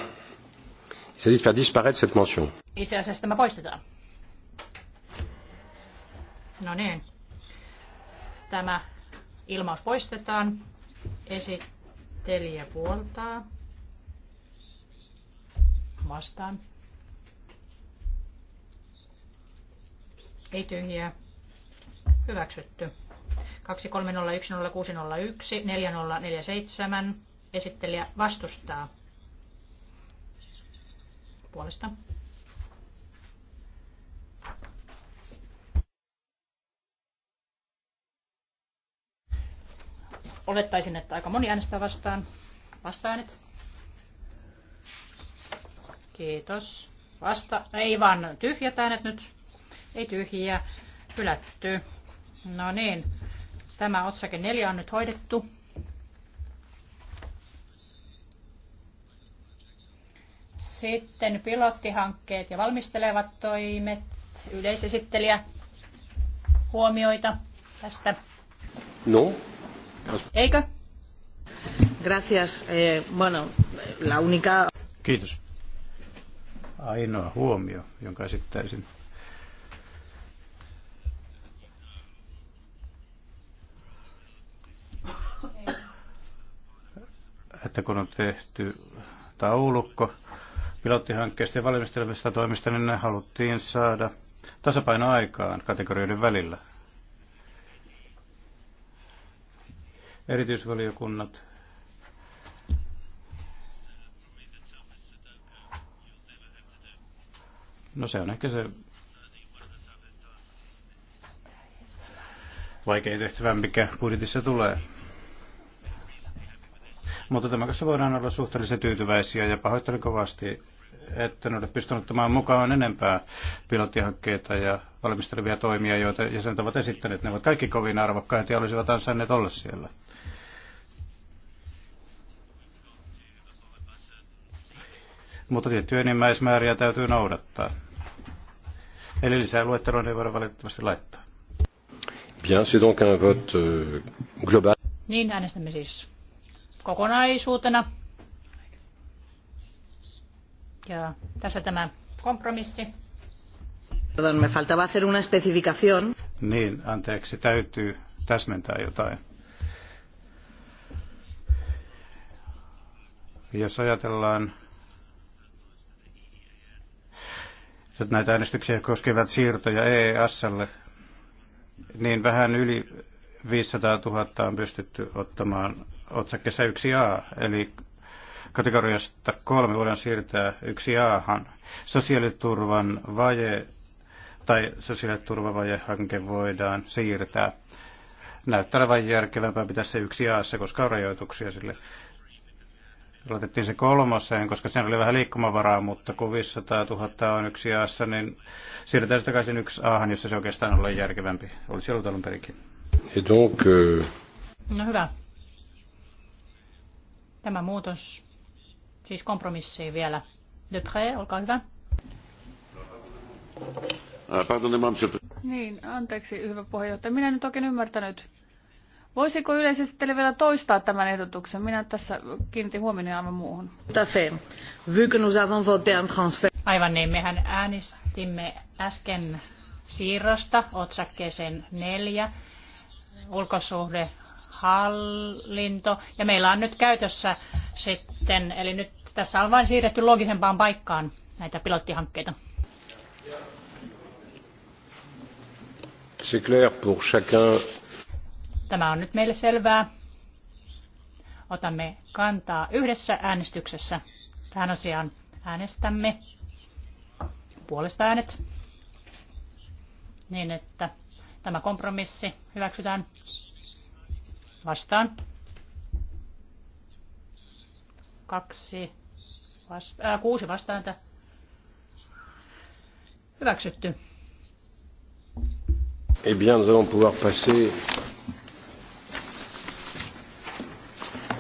Il s'agit de faire disparaître cette mention. Itse asiassa tämä poistetaan. No niin. Tämä Ilmaus poistetaan. Esittelijä puoltaa. Vastaan. Ei tyhjiä. Hyväksytty. 2301061 4047. Esittelijä vastustaa. Puolesta. Olettaisin, että aika moni äänestää vastaan. Vastaanet. Kiitos. Vasta, ei vaan tyhjät äänet nyt. Ei tyhjiä. Hylätty. No niin. Tämä otsake neljä on nyt hoidettu. Sitten pilottihankkeet ja valmistelevat toimet. Yleisesittelijä huomioita tästä. No, Eikö? Gracias. Eh, bueno, la única... Kiitos. Ainoa huomio, jonka esittäisin. että kun on tehty taulukko pilottihankkeesta ja valmistelevista toimista, niin ne haluttiin saada tasapaino aikaan kategorioiden välillä. erityisvaliokunnat No se on ehkä se vaikein tehtävä, mikä budjetissa tulee. Mutta tämän kanssa voidaan olla suhteellisen tyytyväisiä ja pahoittelen kovasti, että ne olet pystynyt ottamaan mukaan enempää pilottihankkeita ja valmistelevia toimia, joita jäsenet ovat esittäneet. Ne ovat kaikki kovin arvokkaita ja olisivat ansainneet olla siellä. mutta tiettyjä enimmäismääriä täytyy noudattaa. Eli lisää luetteloon ei voida valitettavasti laittaa. Bien, c'est donc un vote euh, global. Niin äänestämme siis kokonaisuutena. Ja tässä tämä kompromissi. Perdón, me faltaba hacer una especificación. Niin, anteeksi, täytyy täsmentää jotain. Jos ajatellaan näitä äänestyksiä koskevat siirtoja EESlle, niin vähän yli 500 000 on pystytty ottamaan otsakkeessa 1A, eli kategoriasta kolme voidaan siirtää 1A-han. Sosiaaliturvan vaje tai sosiaaliturvavajehanke voidaan siirtää. Näyttää olevan järkevämpää pitää se yksi a koska on rajoituksia sille laitettiin se kolmoseen, koska siinä oli vähän liikkumavaraa, mutta kun 500 000 on yksi aassa, niin siirretään se takaisin yksi aahan, jossa se oikeastaan olla järkevämpi. Olisi ollut alun perikin. Donc, euh, No hyvä. Tämä muutos, siis kompromissi vielä. De Pré, olkaa hyvä. Ah, pardonnez Niin, anteeksi, hyvä puheenjohtaja. Minä en nyt oikein ymmärtänyt. Voisiko yleisesti vielä toistaa tämän ehdotuksen? Minä tässä kiinnitin huomioon aivan muuhun. Aivan niin, mehän äänestimme äsken siirrosta otsakkeeseen neljä, ulkosuhde, hallinto, ja meillä on nyt käytössä sitten, eli nyt tässä on vain siirretty logisempaan paikkaan näitä pilottihankkeita. C'est clair pour chacun Tämä on nyt meille selvää. Otamme kantaa yhdessä äänestyksessä tähän asiaan. Äänestämme puolesta äänet niin, että tämä kompromissi hyväksytään vastaan. Kaksi vasta- äh, kuusi vastaääntä hyväksytty. Eh bien, nous allons pouvoir passer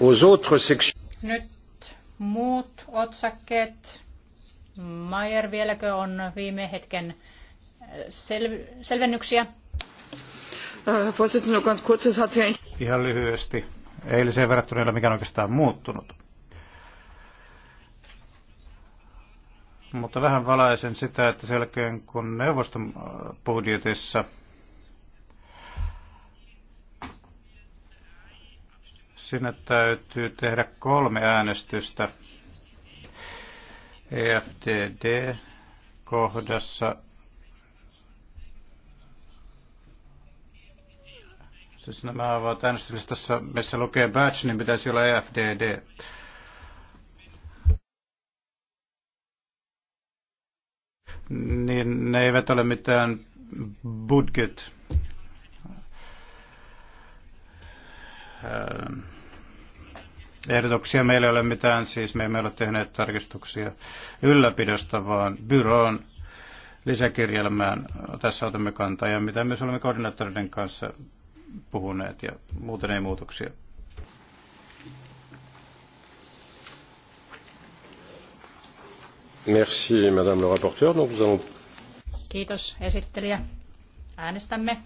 aux autres sections. Nyt muut otsakkeet. Mayer, vieläkö on viime hetken äh, sel- selvennyksiä? Äh, Ihan lyhyesti. Eiliseen verrattuna ei ole mikään oikeastaan muuttunut. Mutta vähän valaisen sitä, että selkeän kun neuvoston äh, budjetissa – Sinne täytyy tehdä kolme äänestystä. EFTD kohdassa Siis nämä ovat äänestyslistassa, missä lukee batch, niin pitäisi olla EFDD. Niin ne eivät ole mitään budget. Um ehdotuksia. Meillä ei ole mitään, siis me emme ole tehneet tarkistuksia ylläpidosta, vaan byroon lisäkirjelmään tässä otamme kantaa ja mitä myös olemme koordinaattoreiden kanssa puhuneet ja muuten ei muutoksia. Merci, madame le rapporteur. Donc nous allons... Kiitos esittelijä. Äänestämme.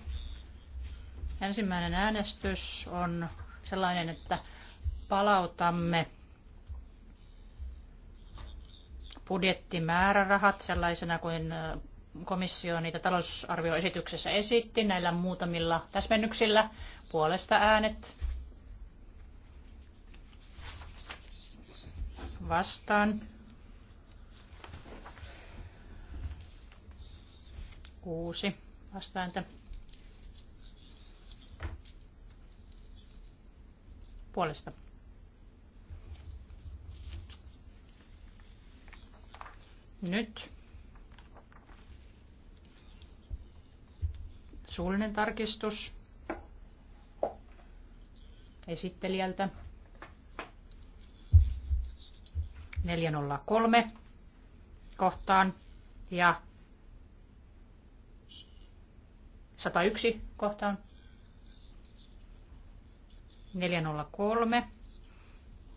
Ensimmäinen äänestys on sellainen, että palautamme budjettimäärärahat sellaisena kuin komissio niitä talousarvioesityksessä esitti näillä muutamilla täsmennyksillä puolesta äänet vastaan. Kuusi vastaääntä. Puolesta. Nyt suullinen tarkistus esittelijältä. 403 kohtaan ja 101 kohtaan. 403,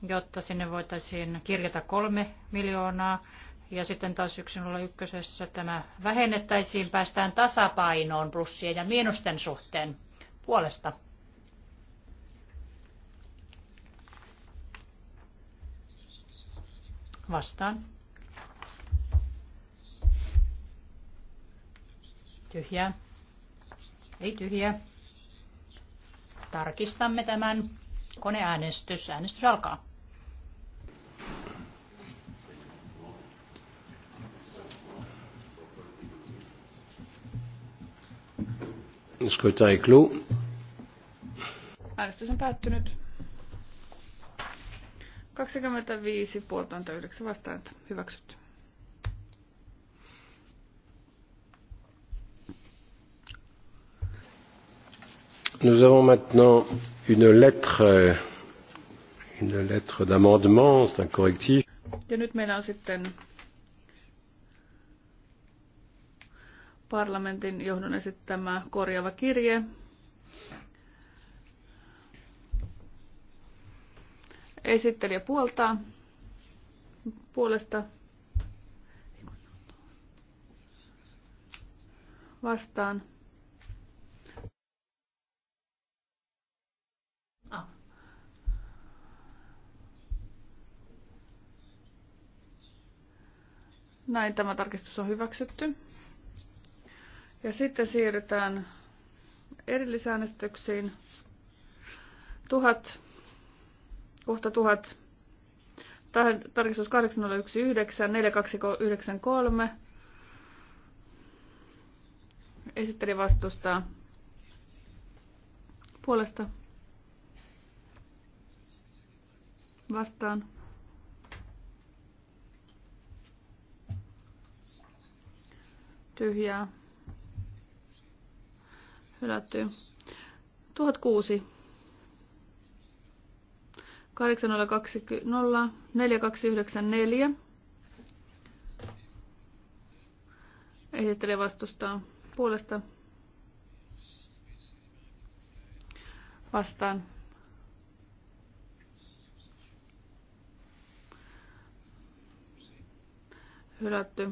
jotta sinne voitaisiin kirjata 3 miljoonaa ja sitten taas 101 tämä vähennettäisiin, päästään tasapainoon plussien ja miinusten suhteen puolesta. Vastaan. tyhjä Ei tyhjä Tarkistamme tämän. Koneäänestys. Äänestys alkaa. Scrutin est clos. Äänestys on päättynyt. 25 puoltaanta 9 vastaanta. Hyväksytty. Nous avons maintenant une lettre, une lettre d'amendement, c'est un correctif. Ja nyt meillä on sitten parlamentin johdon esittämä korjaava kirje. Esittelijä puoltaa puolesta vastaan. Ah. Näin tämä tarkistus on hyväksytty. Ja sitten siirrytään erillisäänestyksiin. Tuhat, kohta tuhat, tarkistus 8019, 4293. Esitteli vastustaa puolesta vastaan. Tyhjää hylättyä. 1006. 804294. Esittelee vastustaa puolesta. Vastaan. Hylätty.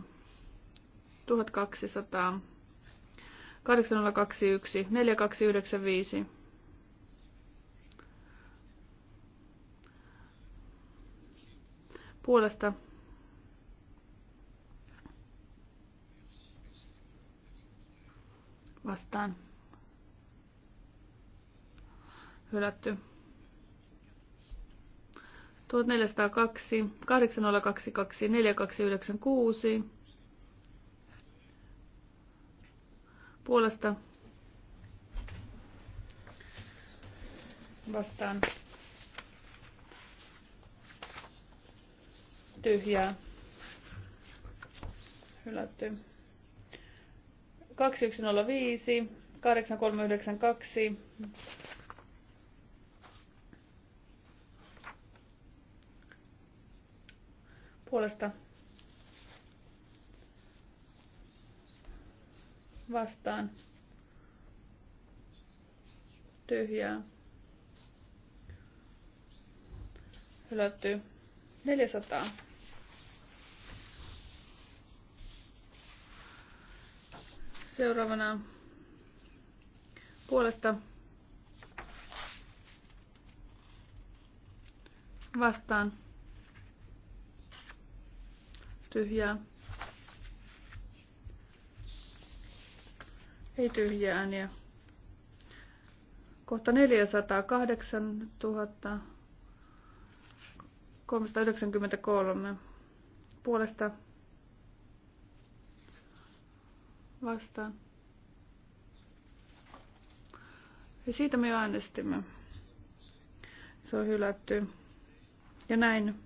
1200. 8021 4295. Puolesta. Vastaan. Hylätty. 1402, 8022, 4296. puolesta vastaan tyhjää hylätty. 2105, 8392. Puolesta vastaan tyhjää hylätty 400 seuraavana puolesta vastaan tyhjää Ei tyhjiä ääniä. Kohta 408 393 puolesta vastaan. Ja siitä me jo äänestimme. Se on hylätty. Ja näin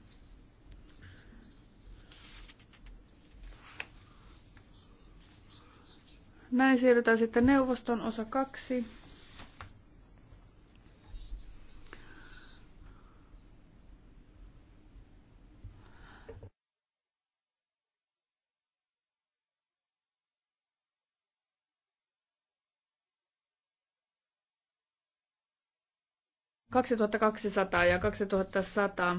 Näin siirrytään sitten neuvoston osa kaksi. kaksituhatta kaksisataa ja kaksituhatta sata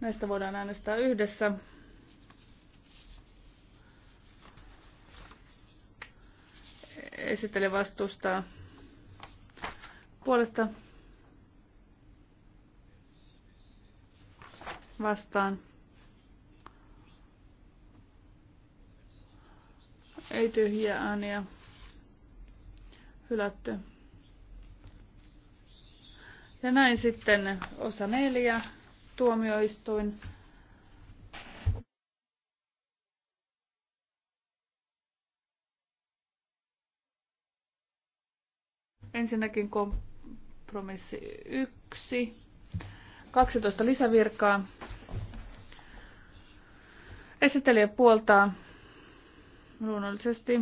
Näistä voidaan äänestää yhdessä. Esittele vastustaa puolesta vastaan. Ei tyhjiä ääniä. Hylätty. Ja näin sitten osa neljä tuomioistuin Ensinnäkin kompromissi 1. 12 lisävirkaa. Esittelijä puoltaa luonnollisesti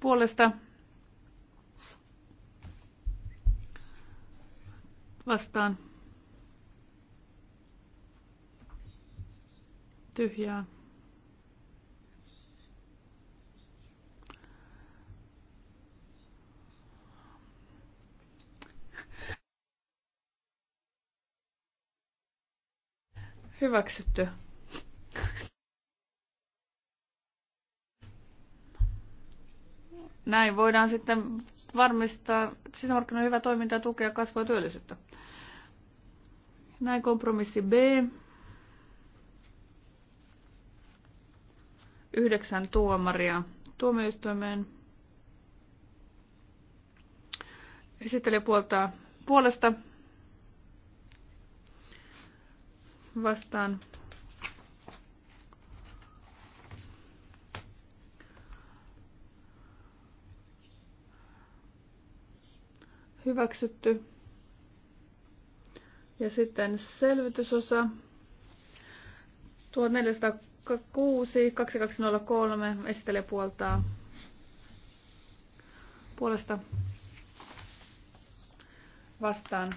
puolesta vastaan tyhjää. Hyväksytty. Näin voidaan sitten varmistaa sisämarkkinoiden hyvä toiminta ja tukea kasvua ja työllisyyttä. Näin kompromissi B. Yhdeksän tuomaria tuomioistuimeen. Esittelijä puolta puolesta vastaan hyväksytty. Ja sitten selvitysosa 1406 2203 esittelijä puoltaa puolesta vastaan.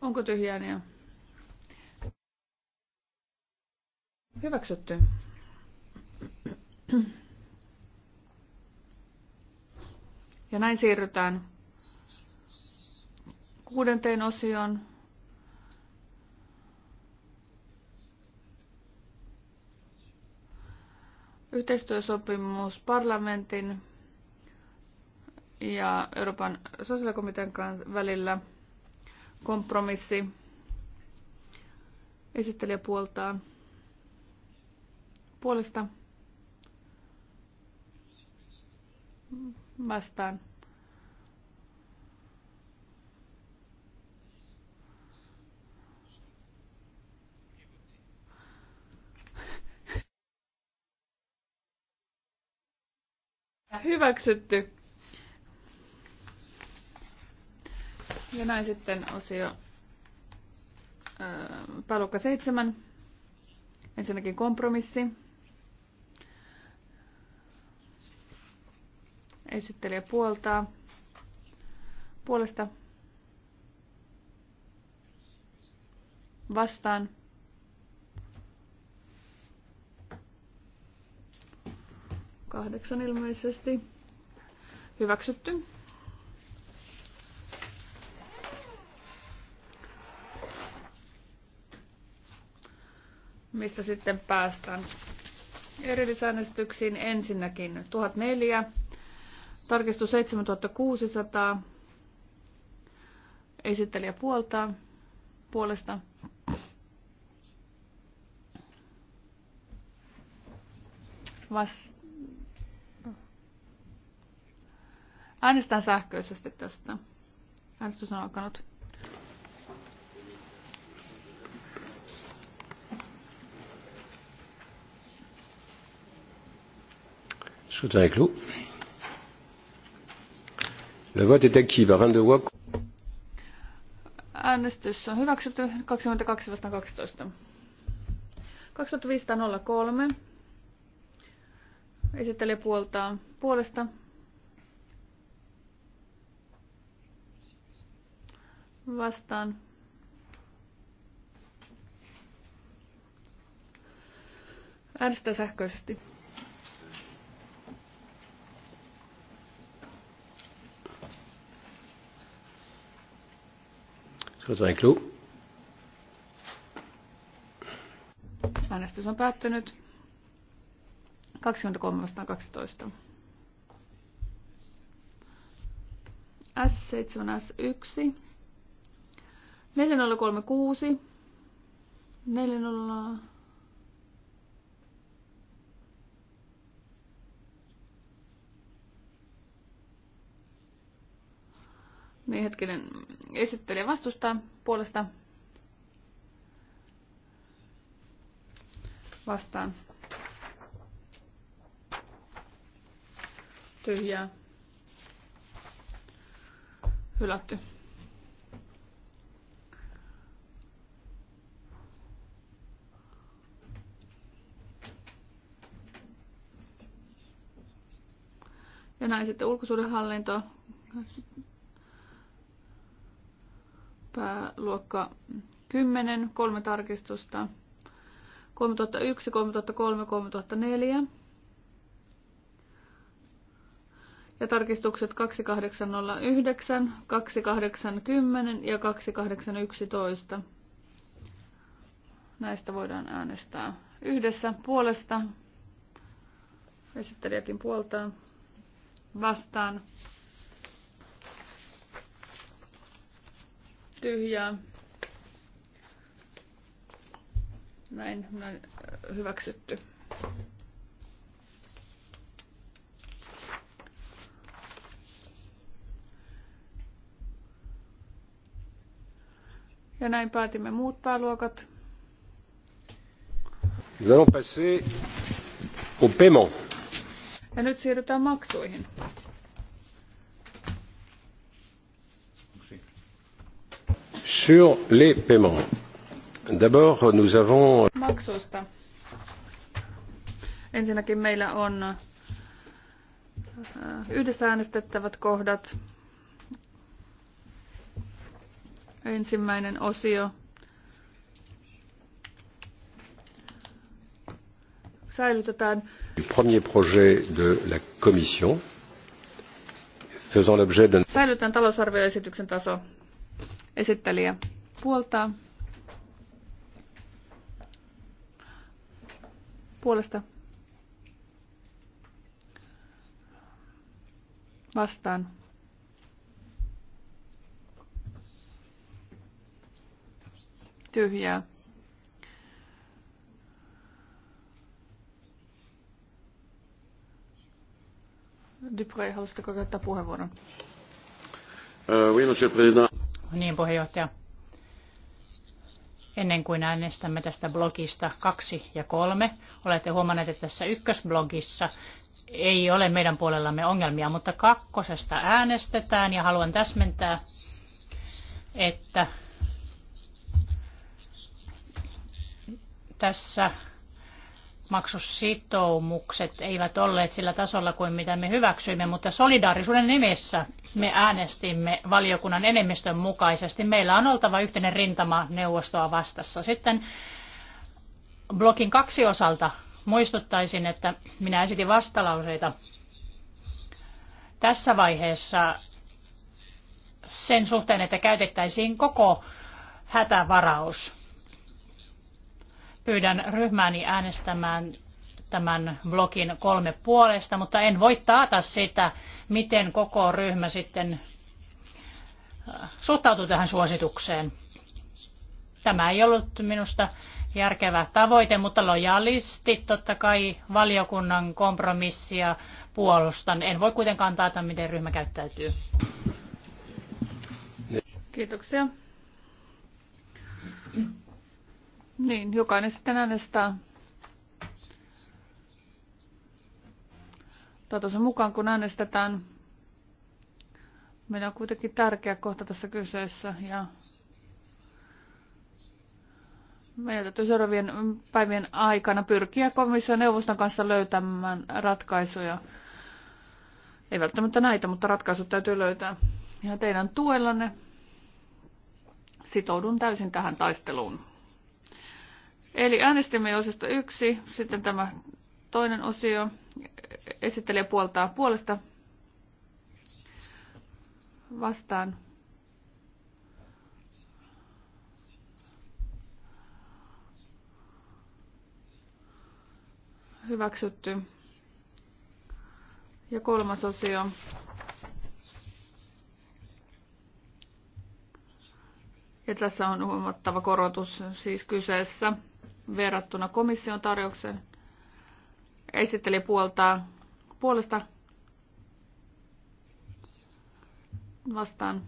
Onko tyhjää Niin hyväksytty? Ja näin siirrytään kuudenteen osioon. Yhteistyösopimus parlamentin ja Euroopan sosiaalikomitean välillä kompromissi esittelijä puoltaa puolesta vastaan Hyväksytty. Ja näin sitten osio palukka 7. Ensinnäkin kompromissi. Esittelijä puoltaa. Puolesta vastaan. Kahdeksan ilmeisesti. Hyväksytty. Mistä sitten päästään erillisäänestyksiin ensinnäkin 1004, tarkistus 7600, esittelijä puolta puolesta. Vas, Äänestetään sähköisesti tästä. Äänestys on alkanut. Scrutin clos. Le vote est actif à 22 voix. Äänestys on hyväksytty 22 vastaan 12. 2503. Esittelijä puoltaa puolesta vastaan. Äänestä sähköisesti. Äänestys on päättynyt. 23 vastaan 12. S7S1. 4036. 40... Niin hetkinen, esittelijä vastustaa puolesta vastaan. Tyhjää. Hylätty. Ja näin sitten ulkosuudenhallinto, pääluokka 10, kolme tarkistusta, 3001, 3003, 3004. Ja tarkistukset 2809, 2810 ja 2811. Näistä voidaan äänestää yhdessä puolesta. Esittelijäkin puoltaa vastaan tyhjää. Näin, näin äh, hyväksytty. Ja näin päätimme muut pääluokat. Nous allons passer au paiement. Ja nyt siirrytään maksuihin. Sur les paiements. D'abord, nous avons... Maksusta. Ensinnäkin meillä on äh, yhdessä äänestettävät kohdat. Ensimmäinen osio. Säilytetään Säilytän talousarvioesityksen taso. Esittelijä puoltaa. Puolesta. Vastaan. Tyhjää. Dupré, haluaisitteko käyttää puheenvuoron? Äh, niin, puheenjohtaja. Ennen kuin äänestämme tästä blogista kaksi ja kolme, olette huomanneet, että tässä ykkösblogissa ei ole meidän puolellamme ongelmia, mutta kakkosesta äänestetään ja haluan täsmentää, että tässä maksusitoumukset eivät olleet sillä tasolla kuin mitä me hyväksyimme, mutta solidaarisuuden nimessä me äänestimme valiokunnan enemmistön mukaisesti. Meillä on oltava yhteinen rintama neuvostoa vastassa. Sitten blokin kaksi osalta muistuttaisin, että minä esitin vastalauseita tässä vaiheessa sen suhteen, että käytettäisiin koko hätävaraus Pyydän ryhmääni äänestämään tämän blogin kolme puolesta, mutta en voi taata sitä, miten koko ryhmä sitten äh, suhtautuu tähän suositukseen. Tämä ei ollut minusta järkevä tavoite, mutta lojalisti totta kai valiokunnan kompromissia puolustan. En voi kuitenkaan taata, miten ryhmä käyttäytyy. Kiitoksia. Niin, jokainen sitten äänestää tahtonsa mukaan, kun äänestetään. Meillä on kuitenkin tärkeä kohta tässä kyseessä ja meidän täytyy seuraavien päivien aikana pyrkiä komission neuvoston kanssa löytämään ratkaisuja. Ei välttämättä näitä, mutta ratkaisut täytyy löytää. Ja teidän tuellanne sitoudun täysin tähän taisteluun. Eli äänestimme osasta yksi, sitten tämä toinen osio esittelee puoltaa puolesta vastaan. Hyväksytty. Ja kolmas osio. Ja tässä on huomattava korotus siis kyseessä verrattuna komission tarjoukseen. Esitteli puolta, puolesta vastaan.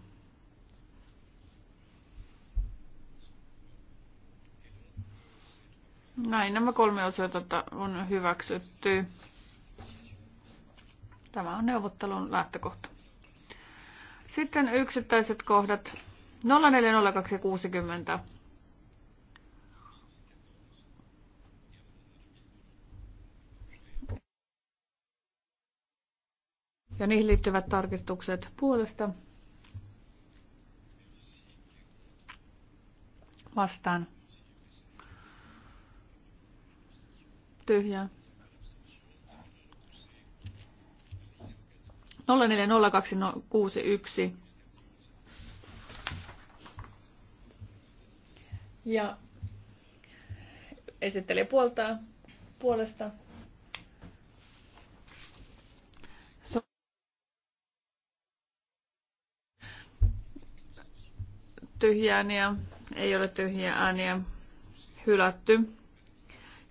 Näin, nämä kolme osiota on hyväksytty. Tämä on neuvottelun lähtökohta. Sitten yksittäiset kohdat 040260. ja niihin liittyvät tarkistukset puolesta vastaan. Tyhjää. 040261. Ja esittelijä puolta puolesta tyhjiä ääniä, ei ole tyhjiä ääniä, hylätty.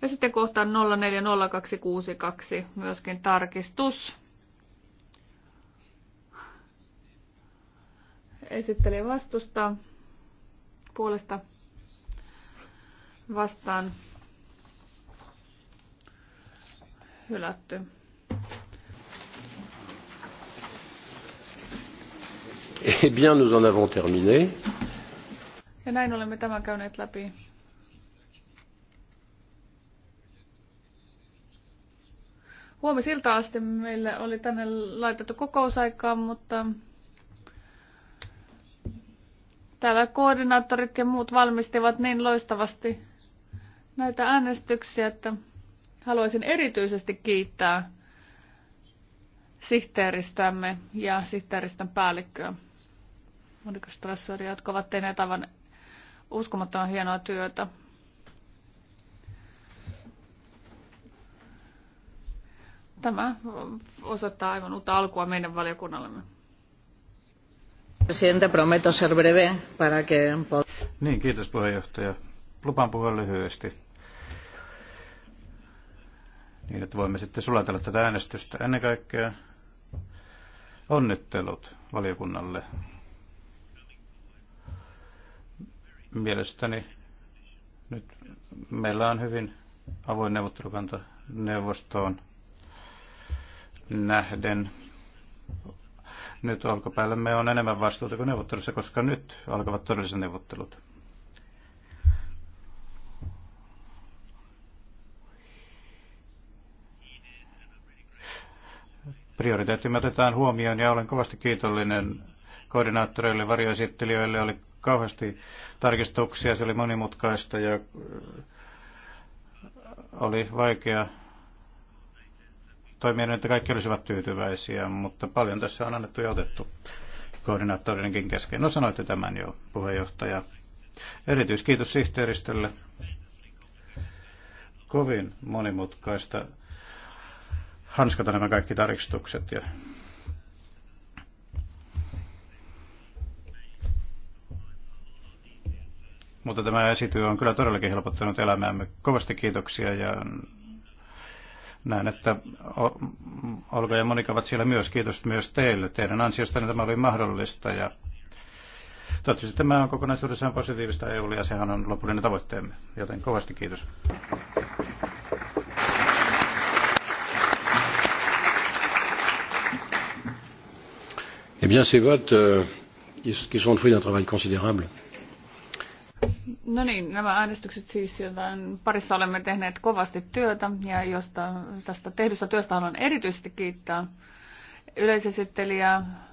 Ja sitten kohtaan 040262 myöskin tarkistus. Esitteli vastusta puolesta vastaan hylätty. Eh bien, nous en avons terminé. Ja näin olemme tämän käyneet läpi. Huomisilta asti meille oli tänne laitettu kokousaikaa, mutta täällä koordinaattorit ja muut valmistivat niin loistavasti näitä äänestyksiä, että haluaisin erityisesti kiittää sihteeristöämme ja sihteeristön päällikköä Monika Strassoria, jotka ovat tehneet aivan uskomattoman hienoa työtä. Tämä osoittaa aivan uutta alkua meidän valiokunnallemme. Presidente, prometo ser breve para que... Niin, kiitos puheenjohtaja. Lupaan puhua lyhyesti. Niin, että voimme sitten sulatella tätä äänestystä. Ennen kaikkea onnittelut valiokunnalle Mielestäni nyt meillä on hyvin avoin neuvottelukanta neuvostoon nähden. Nyt alkupäällemme on enemmän vastuuta kuin neuvottelussa, koska nyt alkavat todelliset neuvottelut. Prioriteettimme otetaan huomioon ja olen kovasti kiitollinen koordinaattoreille, varjoesittelijöille, oli kauheasti tarkistuksia, se oli monimutkaista ja äh, oli vaikea toimia niin, että kaikki olisivat tyytyväisiä, mutta paljon tässä on annettu ja otettu koordinaattorinkin kesken. No sanoitte tämän jo, puheenjohtaja. Erityiskiitos sihteeristölle. Kovin monimutkaista hanskata nämä kaikki tarkistukset ja Mutta tämä esity on kyllä todellakin helpottanut elämäämme. Kovasti kiitoksia ja näen, että Olga ja Monika ovat siellä myös. Kiitos myös teille. Teidän ansiostanne tämä oli mahdollista ja toivottavasti tämä on kokonaisuudessaan positiivista EU ja sehän on lopullinen tavoitteemme. Joten kovasti kiitos. Eh bien, ces votes, euh, qui sont le fruit d'un travail considérable. No niin, nämä äänestykset siis, joita parissa olemme tehneet kovasti työtä ja josta, tästä tehdystä työstä haluan erityisesti kiittää yleisesittelijää,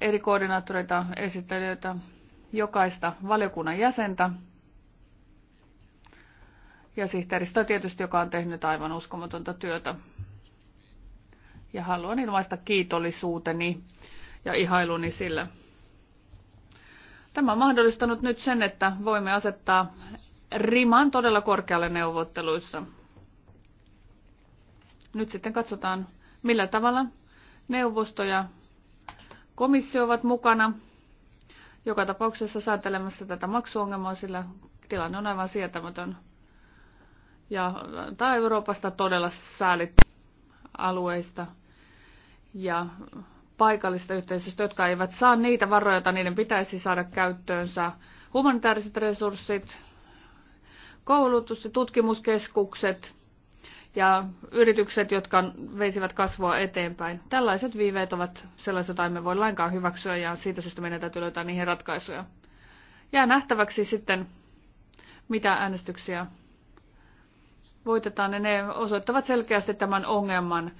eri koordinaattoreita, esittelijöitä, jokaista valiokunnan jäsentä ja sihteeristöä tietysti, joka on tehnyt aivan uskomatonta työtä. Ja haluan ilmaista kiitollisuuteni ja ihailuni sillä. Tämä on mahdollistanut nyt sen, että voimme asettaa riman todella korkealle neuvotteluissa. Nyt sitten katsotaan, millä tavalla neuvosto ja komissio ovat mukana joka tapauksessa säätelemässä tätä maksuongelmaa, sillä tilanne on aivan sietämätön. Ja tämä Euroopasta todella säälit alueista. Ja paikallista yhteisöistä, jotka eivät saa niitä varoja, joita niiden pitäisi saada käyttöönsä. Humanitaariset resurssit, koulutus- ja tutkimuskeskukset ja yritykset, jotka veisivät kasvua eteenpäin. Tällaiset viiveet ovat sellaiset, joita emme voi lainkaan hyväksyä ja siitä syystä meidän täytyy löytää niihin ratkaisuja. Jää nähtäväksi sitten, mitä äänestyksiä voitetaan ja ne osoittavat selkeästi tämän ongelman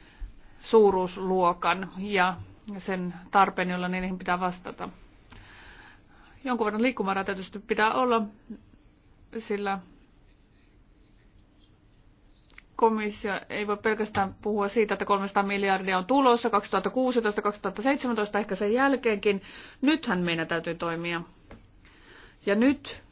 suuruusluokan ja sen tarpeen, jolla niihin pitää vastata. Jonkun verran liikkumavaraa tietysti pitää olla, sillä komissio ei voi pelkästään puhua siitä, että 300 miljardia on tulossa 2016, 2017, ehkä sen jälkeenkin. Nythän meidän täytyy toimia. Ja nyt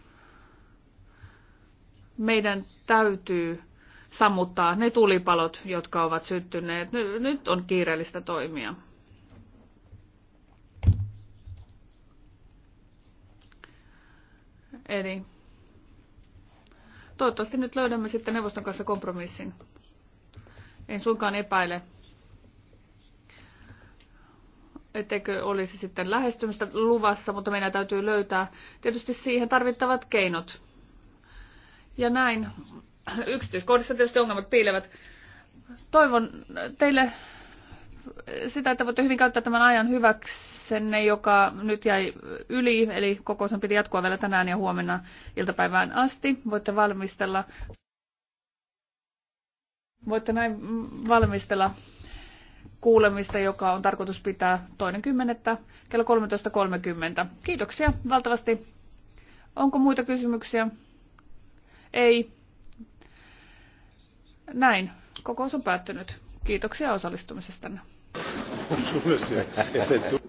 meidän täytyy sammuttaa ne tulipalot, jotka ovat syttyneet. Nyt on kiireellistä toimia. Eli toivottavasti nyt löydämme sitten neuvoston kanssa kompromissin. En suinkaan epäile, etteikö olisi sitten lähestymistä luvassa, mutta meidän täytyy löytää tietysti siihen tarvittavat keinot. Ja näin yksityiskohdissa tietysti ongelmat piilevät. Toivon teille sitä, että voitte hyvin käyttää tämän ajan hyväksenne, joka nyt jäi yli, eli kokous on piti jatkua vielä tänään ja huomenna iltapäivään asti. Voitte valmistella, voitte näin valmistella kuulemista, joka on tarkoitus pitää toinen kymmenettä kello 13.30. Kiitoksia valtavasti. Onko muita kysymyksiä? Ei. Näin. Kokous on päättynyt. Kiitoksia osallistumisestanne sulle sette.